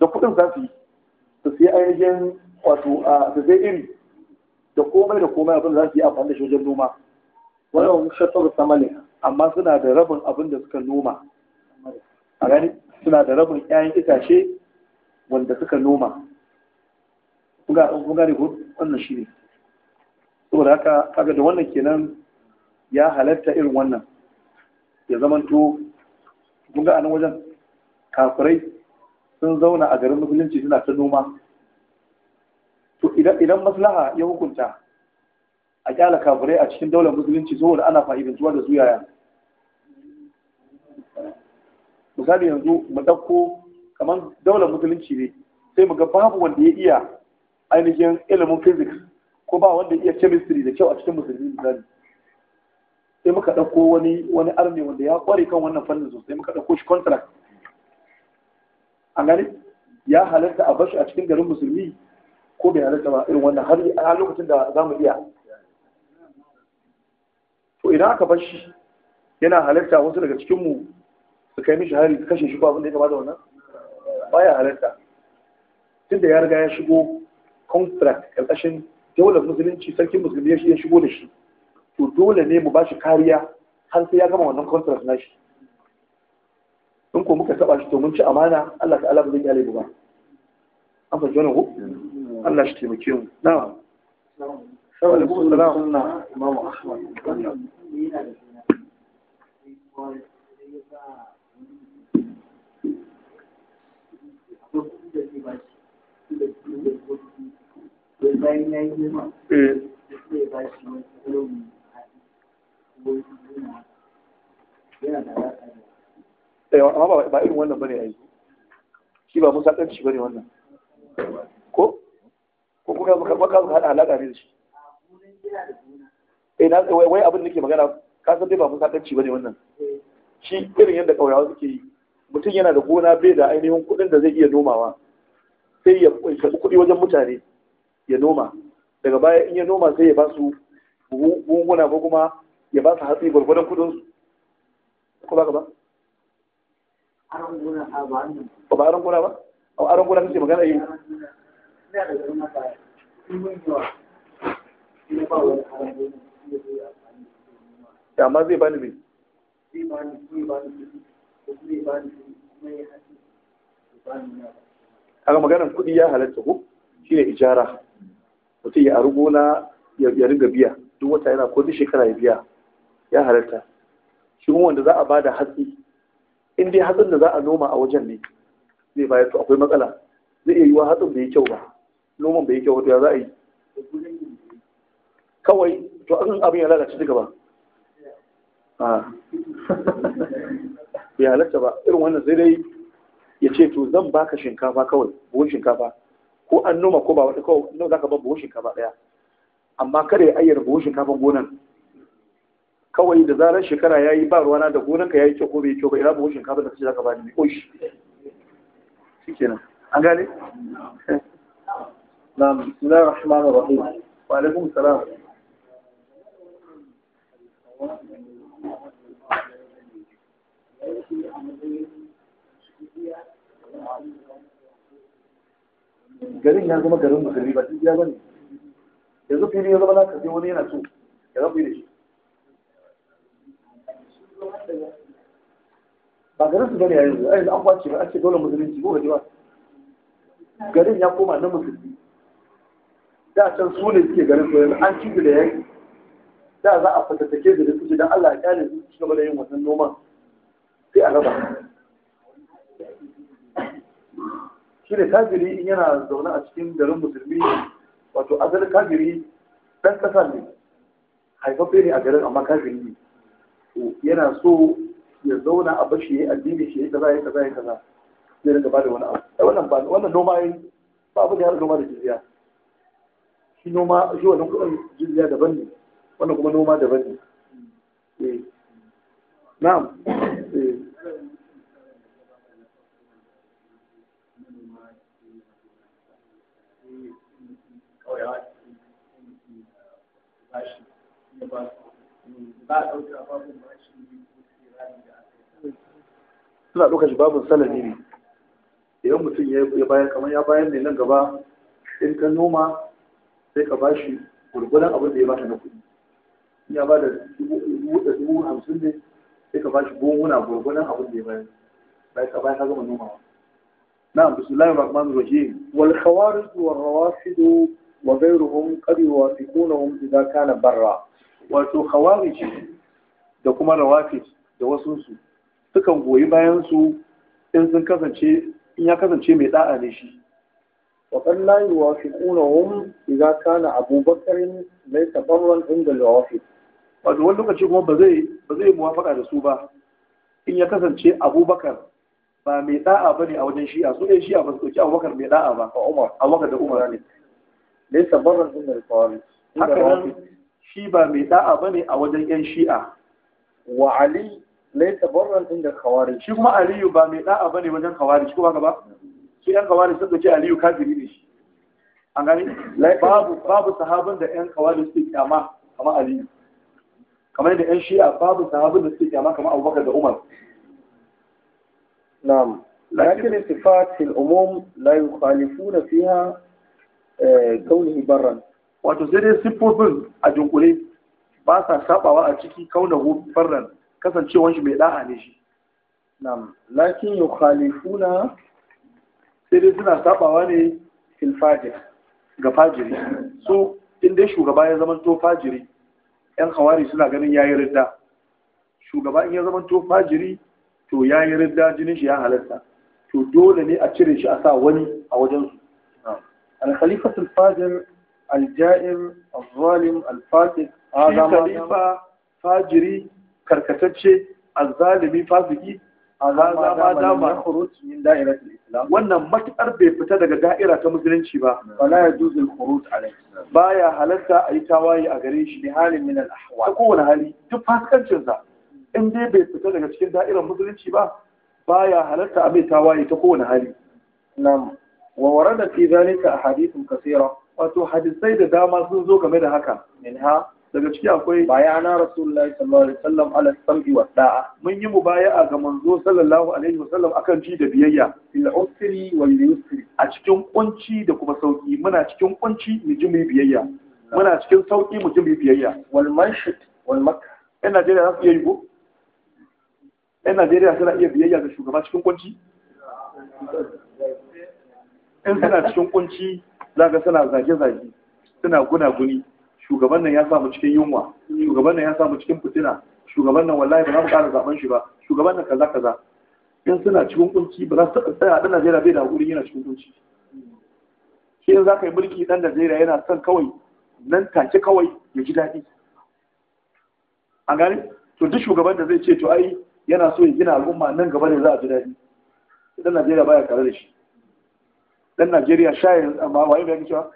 da kudin za su yi su sai ainihin wato a su zai iri da komai da komai abin da za su yi amfani da shi wajen noma wannan shatar samalin amma suna da rabin abin da suka noma a gani suna da rabin 'ya'yan itace wanda suka noma kun gane ko wannan shi ne saboda haka kaga da wannan kenan ya halatta irin wannan ya zamanto kun ga anan wajen kafirai sun zauna a garin musulunci suna ta noma to idan maslaha ya hukunta a kyala kafirai a cikin daular musulunci saboda ana fa'idantuwa da su yaya misali yanzu mu ɗauko kamar daular musulunci ne sai mu ga babu wanda ya iya ainihin ilimin physics ko ba wanda ya iya chemistry da kyau a cikin musulunci, misali sai muka ɗauko wani wani Armi wanda ya ƙware kan wannan fannin sosai muka ɗauko shi contract an gani ya halarta a bashi a cikin garin musulmi ko bai halarta ba irin wannan har a lokacin da za mu iya to idan aka bashi yana halarta wasu daga cikinmu su kai mishi hari kashe shi ko abin da ya kamata wannan baya halarta tun da ya riga ya shigo contract ƙarƙashin dole musulunci sarkin musulmi ya shigo da shi to dole ne mu bashi kariya har sai ya gama wannan contract nashi in ko muka taba shi to mun ci amana Allah ta'ala ba zai kyale mu ba an fahimci wannan ko Allah shi taimake mu na'am saboda kuma sunna Imam Ahmad eh. bayan ya yi girma, zai ba shi wani Eh, amma ba irin wannan bane ai shi ba musakanci wannan ko ko kuma ne da shi eh na wai abin da magana ka dai ba musakanci wannan shi irin yadda kauyawa suke yi mutum yana da gona bai da ainihin kuɗin da zai iya nomawa sai ya karɓi kuɗi wajen mutane ya noma daga baya in ya noma sai ya ba su buhunguna ko kuma ya ba su hatsi gwargwadon kudin su ko ba ka ba ba ba aron gona ba a aron gona kake magana yi ya ma zai bani ne kaga maganar kuɗi ya halatta ko shi ne ijara mutum ya aru gona ya ringa biya duk wata yana ko duk shekara ya biya ya halarta. shi kuma wanda za a bada hatsi in dai hatsin da za a noma a wajen ne zai bayar to akwai matsala zai iya yiwa hatsin bai yi kyau ba noman bai yi kyau wato ya za a yi kawai to an abin ya lalace duka ba bai halarta ba irin wannan sai dai ya ce to zan baka shinkafa kawai buhun shinkafa ko an noma ko ba wata kawai nawa zaka ba buhun shinkafa daya amma kada ya ayyana buhun shinkafan gonan kawai da zarar shekara ya yi ba ruwana da gonanka ya yi kyau ko bai kyau ba ina ba buhun shinkafa da kashe zaka ka bani mai koshi shi kenan an gane na bismillahir rahmanir rahim wa alaikum salam garin ya zama garin musulmi ba ya bane yanzu fili ya zama na ka wani yana so ya zama da shi ba garin su bane a yanzu yanzu an kwace ba a ce dole musulunci ko ba garin ya koma na musulmi da can su ne suke garin su yanzu an ci da yanki da za a fatattake da su don Allah ya kare su ci gaba da yin wannan noma sai a raba shi ne kafiri in yana zaune a cikin garin musulmi wato azar kafiri dan kasa ne haifafe ne a garin amma kafiri yana so ya zauna a bashi ya yi addini shi ya kaza ya kaza ya kaza zai rinka bada wani abu ai wannan ba wannan noma yin ba abin da ya noma da jiziya. shi noma shi wannan kuɗin jiziya daban ne wannan kuma noma daban ne eh na'am eh ba a ba suna ɗaukar shi babin sanadi ne idan mutum ya bayan kamar ya bayan ne nan gaba in ka noma sai ka ba shi gurgunan abin da ya bata na kuɗi in ya ba da dubu hamsin ne sai ka ba shi gonguna gurgunan abin da ya bayar bayan ka bayan ka gama nomawa نعم بسم الله الرحمن الرحيم والخوارج والروافد وغيرهم قد يوافقونهم إذا كان barra وتو خوارج da kuma rawafid da wasunsu sukan goyi bayan su in sun kasance in ya kasance mai da'a ne shi wa kan la hum idza kana abubakar laysa barran inda al-wafiq wato wani lokaci kuma ba zai ba zai muwafaka da su ba in ya kasance abubakar ba mai da'a bane a wajen shi'a su ɗaya shi'a ba su Abu abubakar mai da'a ba ko umar abubakar da umar ne laysa barran inda al-khawarij haka nan shi ba mai da'a bane a wajen yan shi'a wa ali laisa barran inda kawari. shi kuma aliyu ba mai da'a ne wajen kawari, ko ba ba shi yan kawari suka ce aliyu kafiri ne shi an gani babu babu sahabin da yan khawarij suke kyama kamar aliyu kamar da yan shi'a babu sahabin da suke kyama kamar abubakar da umar na'am lakin sifatil umum la yukhalifuna fiha eh, kaunihi barran wato sai dai siffofin a dunkule ba sa sabawa a ciki kaunahu barran kasancewan shi mai da'a ne shi nam lakin yukhalifuna sai dai suna sabawa ne fil fajir ga fajiri so in dai shugaba ya zama to fajiri yan hawari suna ganin yayi ridda shugaba in ya zama to fajiri to yayi ridda jinin shi ya halatta to dole ne a cire shi a sa wani a wajen su al-khalifa al-fajir al-ja'ir al-zalim al-fasiq hada ma fajiri karkatacce zalimi fasiki a zama dama khuruj min da'irat al-islam wannan matakar bai fita daga da'ira ta musulunci ba wala yajuzu al-khuruj alayhi baya halatta a yi tawaye a gare shi bi halin min al-ahwal ta kowane hali duk fasikancin sa in dai bai fita daga cikin da'irar musulunci ba baya halatta a mai tawaye ta kowane hali nam wa warada fi a ahadithun kaseera wato hadisai da dama sun zo game da haka daga ciki akwai bayana rasulullahi sallallahu alaihi wasallam ala sam'i wa da'a mun yi mubaya'a ga manzo sallallahu alaihi wasallam akan ji da biyayya fil usri wal yusri a cikin kunci da kuma sauki muna cikin kunci mu ji mu biyayya muna cikin sauki mu ji mu biyayya wal mashit wal makka ina Najeriya za su iya yi ko ɗan Najeriya suna iya biyayya ga shugaba cikin kunci in suna cikin kunci zaka suna zage-zage suna guna-guni shugaban nan ya samu cikin yunwa shugaban nan ya samu cikin fitina shugaban nan wallahi ba za mu ƙara zaben shi ba shugaban nan kaza kaza in suna cikin kunci ba za su taɓa tsaya ɗan Najeriya bai da hakuri yana cikin kunci shi in za ka yi mulki ɗan Najeriya yana son kawai nan take kawai ya ji daɗi an gani, to duk shugaban da zai ce to ai yana so ya gina al'umma nan gaba da za a ji daɗi ɗan Najeriya baya tare da shi ɗan Najeriya sha yanzu amma waye ba ya cewa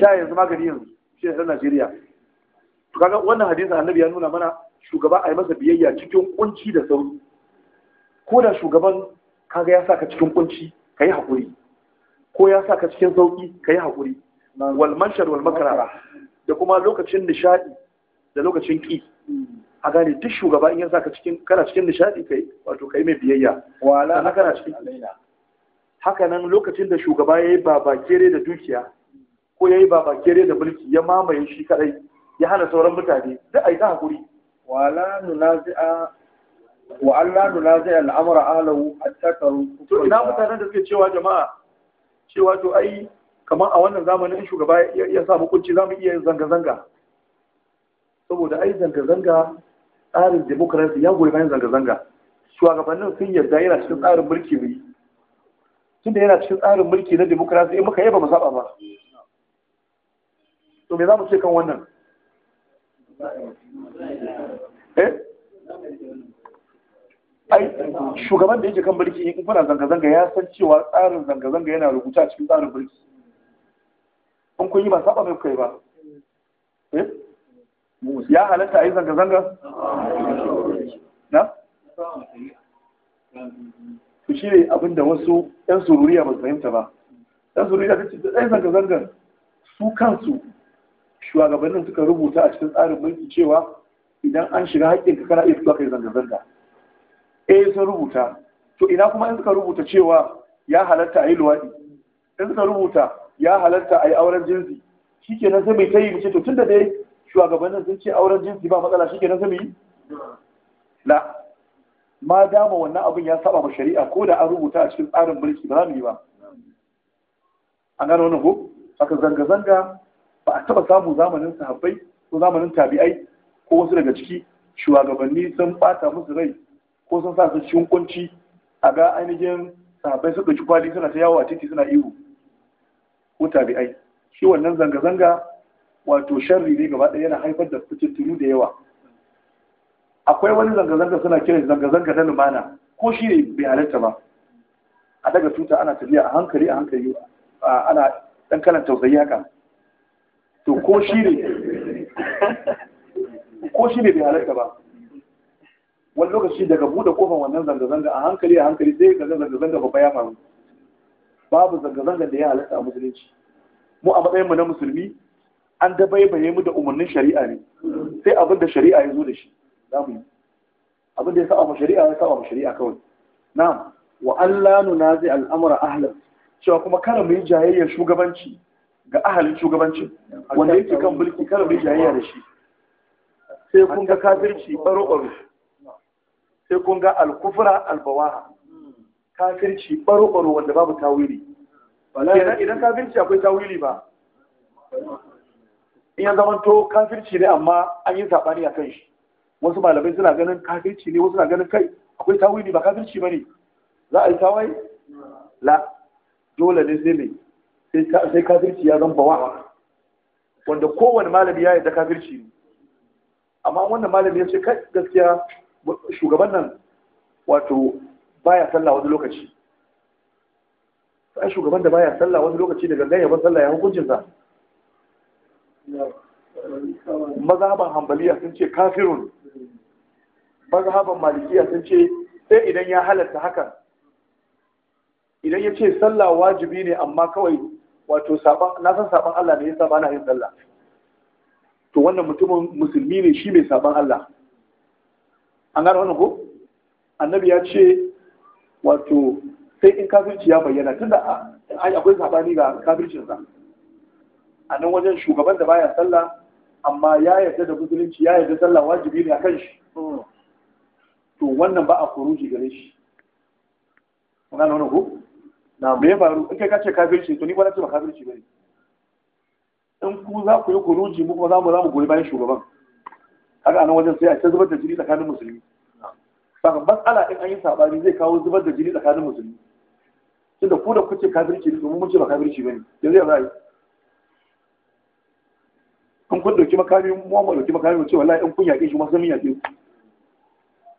sha yanzu magani yanzu shi ne Najeriya to kaga wannan hadisi annabi ya nuna mana shugaba a yi masa biyayya cikin kunci da sauri ko da shugaban kaga ya saka cikin kunci ka yi haƙuri ko ya saka cikin sauƙi ka yi haƙuri wal manshar wal makara da kuma lokacin nishaɗi da lokacin ƙi a gane duk shugaba in ya saka cikin kana cikin nishaɗi kai wato kai mai biyayya wala na kana cikin haka nan lokacin da shugaba ya yi babakere da dukiya ko ya yi babakere da mulki ya mamaye shi kadai ya hana sauran mutane duk a yi ta haƙuri wala nunazi'a wa Allah nunazi'a al'amara ahlahu hatta karu to ina mutanen da suke cewa jama'a cewa to ai kamar a wannan zamanin shugaba ya sa hukunci za mu iya yin zanga-zanga saboda ai zanga-zanga tsarin demokarasi ya goyi bayan zanga-zanga shugabannin sun yarda yana cikin tsarin mulki mai tunda yana cikin tsarin mulki na demokarasi in muka yi mu saba ba to me za mu ce kan wannan eh ai shugaban da yake kan mulki in kuna zanga-zanga ya san cewa tsarin zanga-zanga yana rubuta a cikin tsarin birki. in kun yi ba saba mai kai ba eh? ya halatta a yi zanga-zanga na? su shi ne abinda wasu 'yan sururiya ba su fahimta ba 'yan sururiya ta ce ɗaya zanga-zangar su kansu shugabannin suka rubuta a cikin tsarin mulki cewa idan an shiga haƙƙinka kana iya fitowa kai zanga-zanga eh sun rubuta to ina kuma in suka rubuta cewa ya halatta a yi luwaɗi in suka rubuta ya halatta a yi auren jinsi shikenan sai mai tayi mace to tunda dai shugabannin sun ce auren jinsi ba matsala shikenan sai mai la ma dama wannan abin ya saba ma shari'a ko da an rubuta a cikin tsarin mulki ba za mu yi ba an gano wannan ko haka zanga-zanga a taɓa samu zamanin sahabbai ko zamanin tabi'ai ko wasu daga ciki shugabanni sun bata musu rai ko sun sa su cikin kunci a ga ainihin sahabbai suka ci kwali suna ta yawo a titi suna ihu ko tabi'ai shi wannan zanga-zanga wato sharri ne gaba ɗaya yana haifar da fitattunu da yawa akwai wani zanga-zanga suna kiran zanga-zanga ta lumana ko shi ne bai halatta ba a daga tuta ana tafiya a hankali a hankali ana ɗan kalan tausayi haka to ko shi ne ko shi ne bai halarta ba wani lokaci daga buɗe kofar wannan zanga-zanga a hankali a hankali sai ga zanga-zanga babba ya faru babu zanga zanga da ya halatta a musulunci mu a matsayinmu na musulmi an dabaibaye mu da umarnin shari'a ne sai abin da shari'a ya zo da shi za mu yi abin da ya saba ma shari'a ya saba ma shari'a kawai Na, wa an la zai al'amura ahlan cewa kuma kada mu yi jayayyar shugabanci ga ahalin shugabanci wanda yake kan mulki kar mu jayayya da shi sai kun ga kafirci baro baro sai kun ga alkufra albawaha kafirci baro baro wanda babu tawili idan kafirci akwai tawili ba in ya zama to kafirci ne amma an yi sabani a kan shi wasu malamai suna ganin kafirci ne wasu na ganin kai akwai tawili ba kafirci ba ne za a yi tawai la dole ne sai mai sai kafirci ya zan bawa wanda kowane malami ya yadda kafirci ne amma wannan malami ya ce kai gaskiya shugaban nan wato baya sallah wani lokaci sai shugaban da baya sallah wani lokaci daga gangan yaban sallah ya hukuncinsa mazhaban hambaliya sun ce kafirun mazhaban malikiya sun ce sai idan ya halatta hakan idan ya ce sallah wajibi ne amma kawai wato na san saban Allah ne ya saba na yin sallah to wannan mutumin musulmi ne shi mai saban Allah an gane wannan ko annabi ya ce wato sai in kafirci ya bayyana tunda akwai sabani ga kafircin sa a nan wajen shugaban da baya sallah amma ya yarda da musulunci ya yarda sallah wajibi ne a kan shi hmm. to wannan ba a kuruji gare shi kun wannan ko me ya faru in kai ka ce kafirci to ni ba na ce ba kafirci bane in ku za ku yi kuruji mu kuma za mu za mu goyi bayan shugaban haka anan wajen sai a ce zubar da jini tsakanin musulmi saka matsala in an yi sabani zai kawo zubar da jini tsakanin musulmi tunda ku da kuce kafirci ne mun ce ba kafirci bane da zai rayu in kun dauki makami mu mu dauki makami mu ce wallahi in kun yaƙe shi ma sai mun yaƙe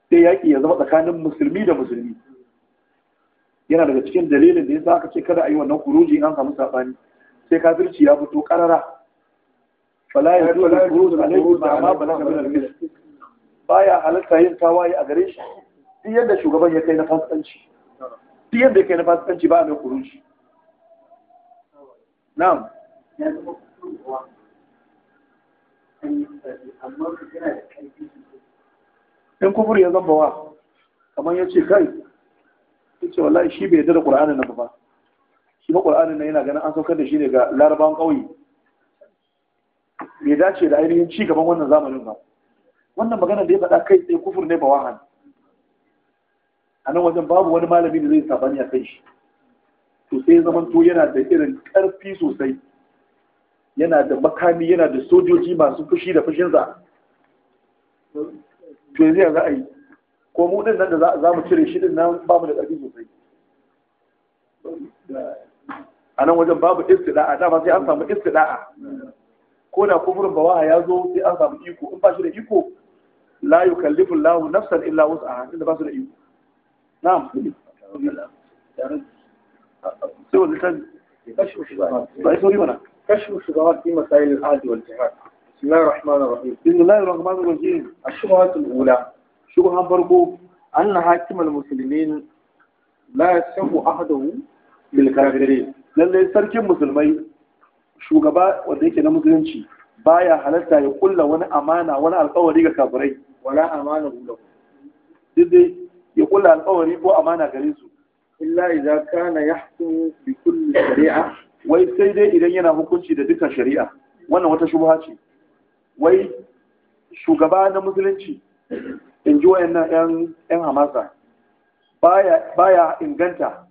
sai yaƙi ya zama tsakanin musulmi da musulmi yana daga cikin dalilin da yasa aka ce kada a yi wannan kuruji an samu sabani sai kafirci ya fito karara fala ya zuwa da kuruji da amma bala ga bin baya halatta yin tawaye a gare shi duk yadda shugaban ya kai na fasikanci duk yadda ya kai na fasikanci ba mai kuruji na'am in kufur ya zamba wa kamar ya ce kai sai ce wallahi shi bai yarda da qur'ani nan ba shi ba qur'ani nan yana ganin an saukar da shi ne ga larabawan kauye bai dace da ainihin ci gaban wannan zamanin ba wannan magana da ya faɗa kai tsaye kufur ne ba wahan a nan wajen babu wani malami da zai sabani a kai shi to sai zaman to yana da irin ƙarfi sosai yana da makami yana da sojoji masu fushi da fushinsa to yanzu za a yi ko mu din nan da za mu cire shi din nan ba da ƙarfi sosai a nan wajen babu istida'a dama sai an samu istida'a ko da kufurin bawa ya zo sai an samu iko in ba shi da iko la yukallifu Allahu nafsan illa wus'aha inda ba su da iko na'am sai Wani ta kashe shi mana kashe fi masail hadi wal jihad بسم الله الرحمن الرحيم بسم الله الرحمن الرحيم الشبهات الأولى shubhan farko anna hakimal muslimin la yasahu ahadahu bil kafirin lalle sarkin musulmai shugaba wanda yake na musulunci baya halarta ya kulla wani amana wani alƙawari ga kafirai wala amana lahu duk dai ya kulla alƙawari ko amana gare su illa idza kana yahkumu bi kulli shari'a wai sai dai idan yana hukunci da dukkan shari'a wannan wata shubha ce wai shugaba na musulunci in ji wayannan yan hamasa ba ya inganta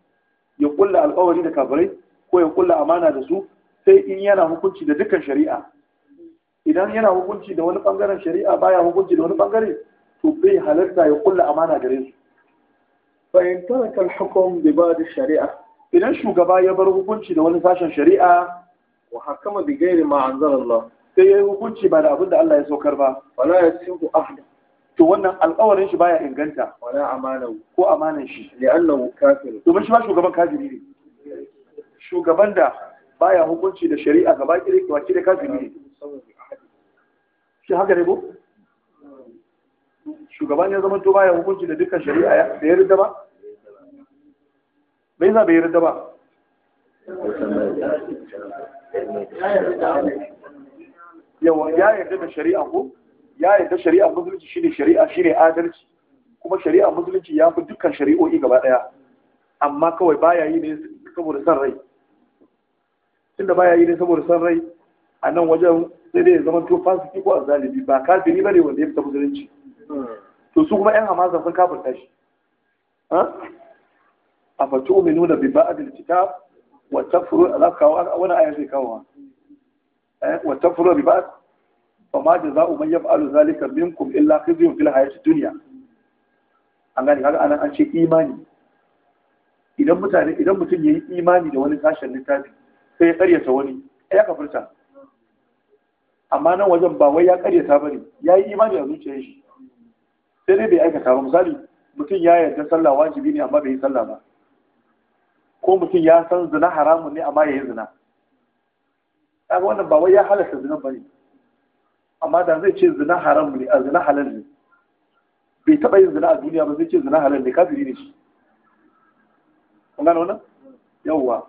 ya kulla alkawari da kafirai ko ya kulla amana da su sai in yana hukunci da dukkan shari'a idan yana hukunci da wani bangaren shari'a ba ya hukunci da wani bangare to bai halarta ya kulla amana gare su fa'in taraka al-hukm ba da shari'a idan shugaba ya bar hukunci da wani sashen shari'a wa hakama bi ghairi ma anzala Allah sai ya yi hukunci ba da abin da Allah ya saukar ba wala yasihu ahad to wannan alƙawarin shi baya inganta wala amana ko amanan shi li'annahu kafir domin shi ba shugaban kafiri ne shugaban da baya hukunci da shari'a gaba kire wace da kafiri ne shi haka ne ko shugaban ya zama to baya hukunci da dukkan shari'a da yarda ba bai za bai yarda ba yawa ya yarda da shari'a ko ya yarda shari'a musulunci shine shari'a shine adalci kuma shari'a musulunci ya fi dukkan shari'o'i gaba daya amma kawai baya yi ne saboda san rai tunda baya yi ne saboda san rai a nan wajen sai dai zaman to fasiki ko azalibi ba kafiri bane wanda ya fita musulunci to su kuma yan hamasa sun kafirta shi a fatu minu da bi ba'adil kitab wa tafuru alaka wani ayar zai kawo wa eh, tafuru bi ba'ad fa ma jaza'u man yaf'alu zalika minkum illa khizyun fil hayatid dunya an gane kaga anan an ce imani idan mutane idan mutum yayi imani da wani sashen littafi sai ya karyata wani ya kafirta amma nan wajen ba wai ya karyata bane yayi imani a zuciyar shi sai dai bai aikata ba misali mutum ya yarda sallah wajibi ne amma bai yi sallah ba ko mutum ya san zina haramun ne amma ya yi zina kaga wannan ba wai ya halasta zina bane amma da zai ce zina haram ne a zina halal ne bai taɓa yin zina a duniya ba zai ce zina halal ne kafiri ne shi kun gano nan? yawwa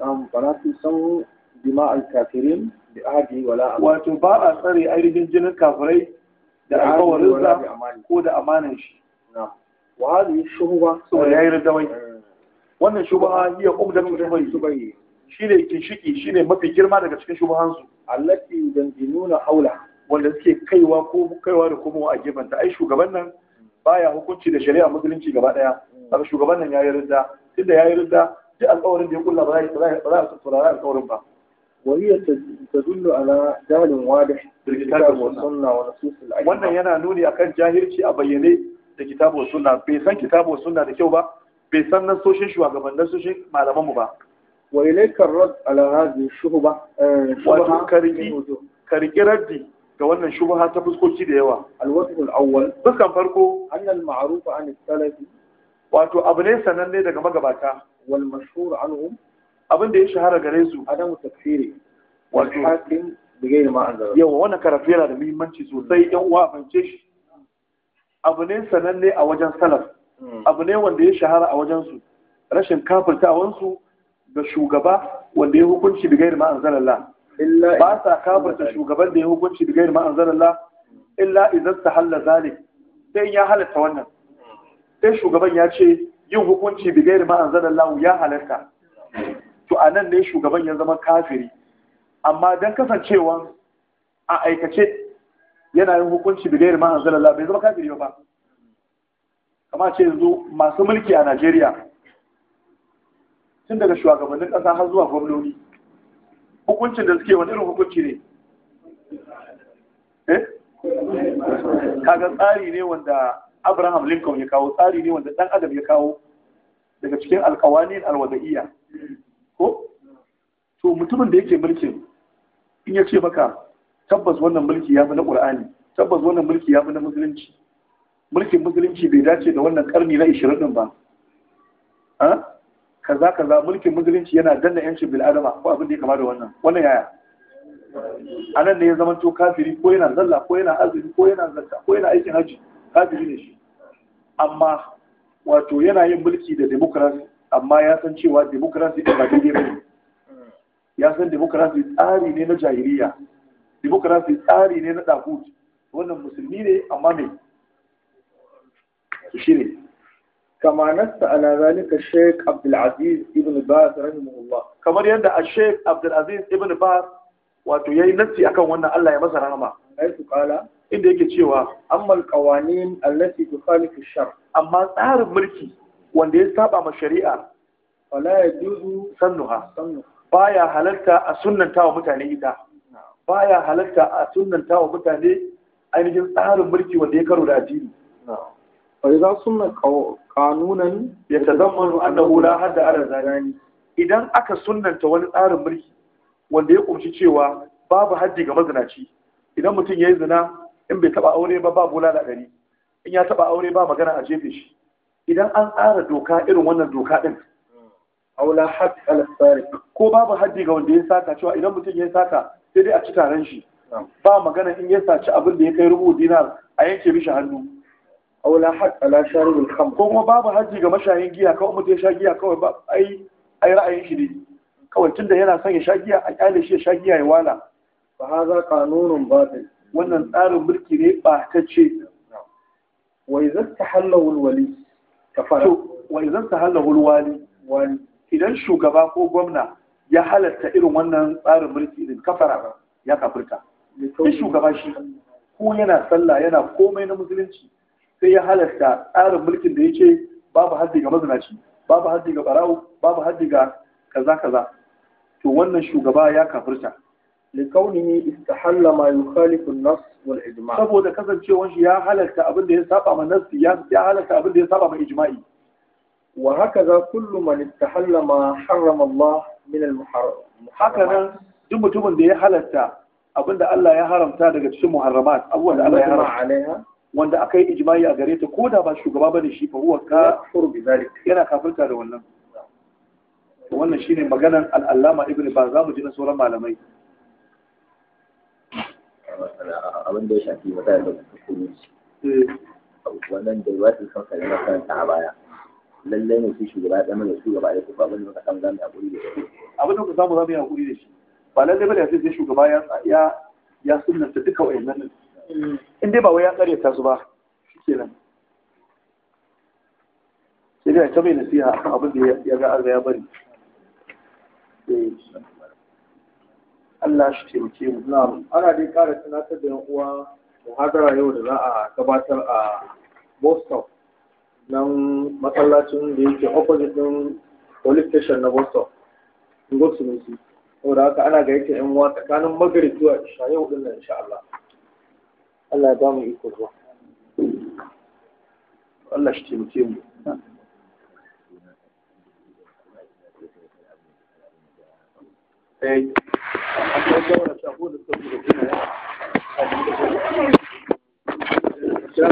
um fala su san dima al kafirin bi ahdi wala wato ba a tsare ainihin jinin kafirai da alƙawarin sa ko da amanan shi wa hadhihi shubuha so yayi radawai eh. wannan shubuha hiya ubdatu shubuhi shine kinshiki shine mafi girma daga cikin shubuhansu allati nuna haula wanda suke kaiwa ko kaiwa da komowa a gefen ta ai shugaban nan baya hukunci da shari'a musulunci gaba daya haka shugaban nan yayi ridda tunda yayi ridda duk alƙawarin da ya kulla ba za a ba za a saurara alƙawarin ba وهي تدل على جهل واضح بالكتاب والسنة ونصوص الأئمة wannan yana nuni akan jahilci a bayyane da kitabu sunna bai san kitabu sunna da kyau ba bai san nasoshin shugabannin nasoshin malaman mu ba wa ilaikar rad ala hadhihi shubha shubha karki raddi ga wannan shubaha ta fuskoki da yawa alwasf alawwal fuskan farko annal ma'ruf an salafi wato abu ne sananne daga magabata wal mashhur anhum abin da ya shahara gare su adamu tafsiri wal hakim bi ghairi ma anzala yawa wannan karatu da muhimmanci sosai yan uwa fahimce shi abu ne sananne a wajen salaf abu ne wanda ya shahara a wajen su rashin kafirtawansu Da shugaba wanda ya hukunci bi gairi ma'anzalallah ba sa kafarta shugaban da ya hukunci bi gairi ma'anzalallah illa idan ta halla zalik sai ya halatta wannan sai shugaban ya ce yin hukunci bi gairi ma'anzalallah ya halatta to a nan ne shugaban ya zama kafiri amma don kasancewan a aikace yana yin hukunci bi gairi ma'anzalallah bai zama kafiri ba kama ce yanzu masu mulki a Najeriya tun daga shugabannin ƙasa har zuwa gwamnoni hukuncin da suke wani irin hukunci ne eh? kaga tsari ne wanda abraham lincoln ya kawo tsari ne wanda ɗan adam ya kawo daga cikin alkawanin alwada'iyya ko to mutumin da yake mulkin in ya ce maka tabbas wannan mulki ya fi na ƙur'ani tabbas wannan mulki ya fi na musulunci mulkin musulunci bai dace da wannan karni na ishirin ba ah? kaza kaza mulkin musulunci yana danna yancin adama ko abin da ya kama da wannan wannan yaya a nan ne ya zama to kafiri ko yana zalla ko yana azumi ko yana zakka ko yana aikin haji kafiri ne shi amma wato yana yin mulki da demokrasi amma ya san cewa demokrasi ba daidai ba ne ya san demokrasi tsari ne na jahiliya demokrasi tsari ne na dahut wannan musulmi ne amma me shi ne كما نص على ذلك الشيخ عبد العزيز ابن باز رحمه الله كما يند الشيخ عبد العزيز ابن باز wato yayi nassi akan wannan Allah ya masa rahama su kala inda yake cewa ammal qawanin allati tukhalifu shar amma tsarin mulki wanda ya saba ma shari'a wala yajuzu sannuha baya halatta a sunnanta wa mutane ita baya halarta a sunnanta wa mutane ainihin tsarin mulki wanda ya karo da addini fa idza sunna ya قانونا يتضمن أنه la حد ala الزاني idan aka sunanta wani tsarin mulki wanda ya kunshi cewa babu haddi ga mazinaci idan mutum ya yi zina in bai taba aure ba babu bulala ɗari in ya taba aure ba magana a jefe shi idan an tsara doka irin wannan doka ɗin aula haddi ala ko babu haddi ga wanda ya saka cewa idan mutum ya saka sai dai a ci taron shi ba magana in ya saci abin da ya kai rubu dinar a yanke mishi hannu aw la haqq ala sharib al khamr kuma babu haji ga mashayin giya kawai mutum ya sha giya kawai ba ai ai ra'ayin shi ne kawai tunda yana son ya sha giya a kyale shi ya sha giya ya wala fa hadha qanunun batil wannan tsarin mulki ne ba ce wa idza tahallahu al wali idan shugaba ko gwamna ya irin wannan tsarin mulki ya shugaba shi yana sallah yana komai na musulunci sai ya halasta tsarin mulkin da ya ce babu haddi ga mazinaci babu haddi ga barawo babu haddi ga kaza kaza to wannan shugaba ya kafirta لكونه استحل ما يخالف النص والإجماع saboda kasancewar shi ya halarta abin da ya saba ma nassi ya halarta abin da ya saba ma ijma'i wa hakaza kullu man istahalla ma harrama Allah min al muharram haka duk mutumin da ya halarta abin da Allah ya haramta daga cikin muharramat abubuwan da Allah ya haramta wanda aka yi ijma'i a gare ta ko da ba shugaba ba ne shi fa huwa ka bi zalik yana kafirta da wannan wannan shine maganan al-allama ibn ba za mu ji na sauran malamai abin da ya shafi wata da hukunci eh. wannan da ya fi kansa da makaranta a baya lallai ne shi shugaba da mai shugaba ya da su abin da kasan zamu hakuri da shi abin da ku samu zamu yi hakuri da shi ba lallai bane sai shugaba ya ya ya sunnanta duka wayannan in dai ba wai ya tsare ta su ba shikenan sai dai ta mai nasiha abin da ya ga Allah ya bari eh. Allah shi taimake mu na'am ana dai ƙara tunatar da yan uwa muhadara yau da za a gabatar a Boston nan masallacin da yake opposite din police station na Boston Ngosunusi saboda haka ana ga yake yan uwa tsakanin magrib zuwa isha yau din nan insha Allah Allah ya ba mu iko zuwa Allah shi taimake mu eh da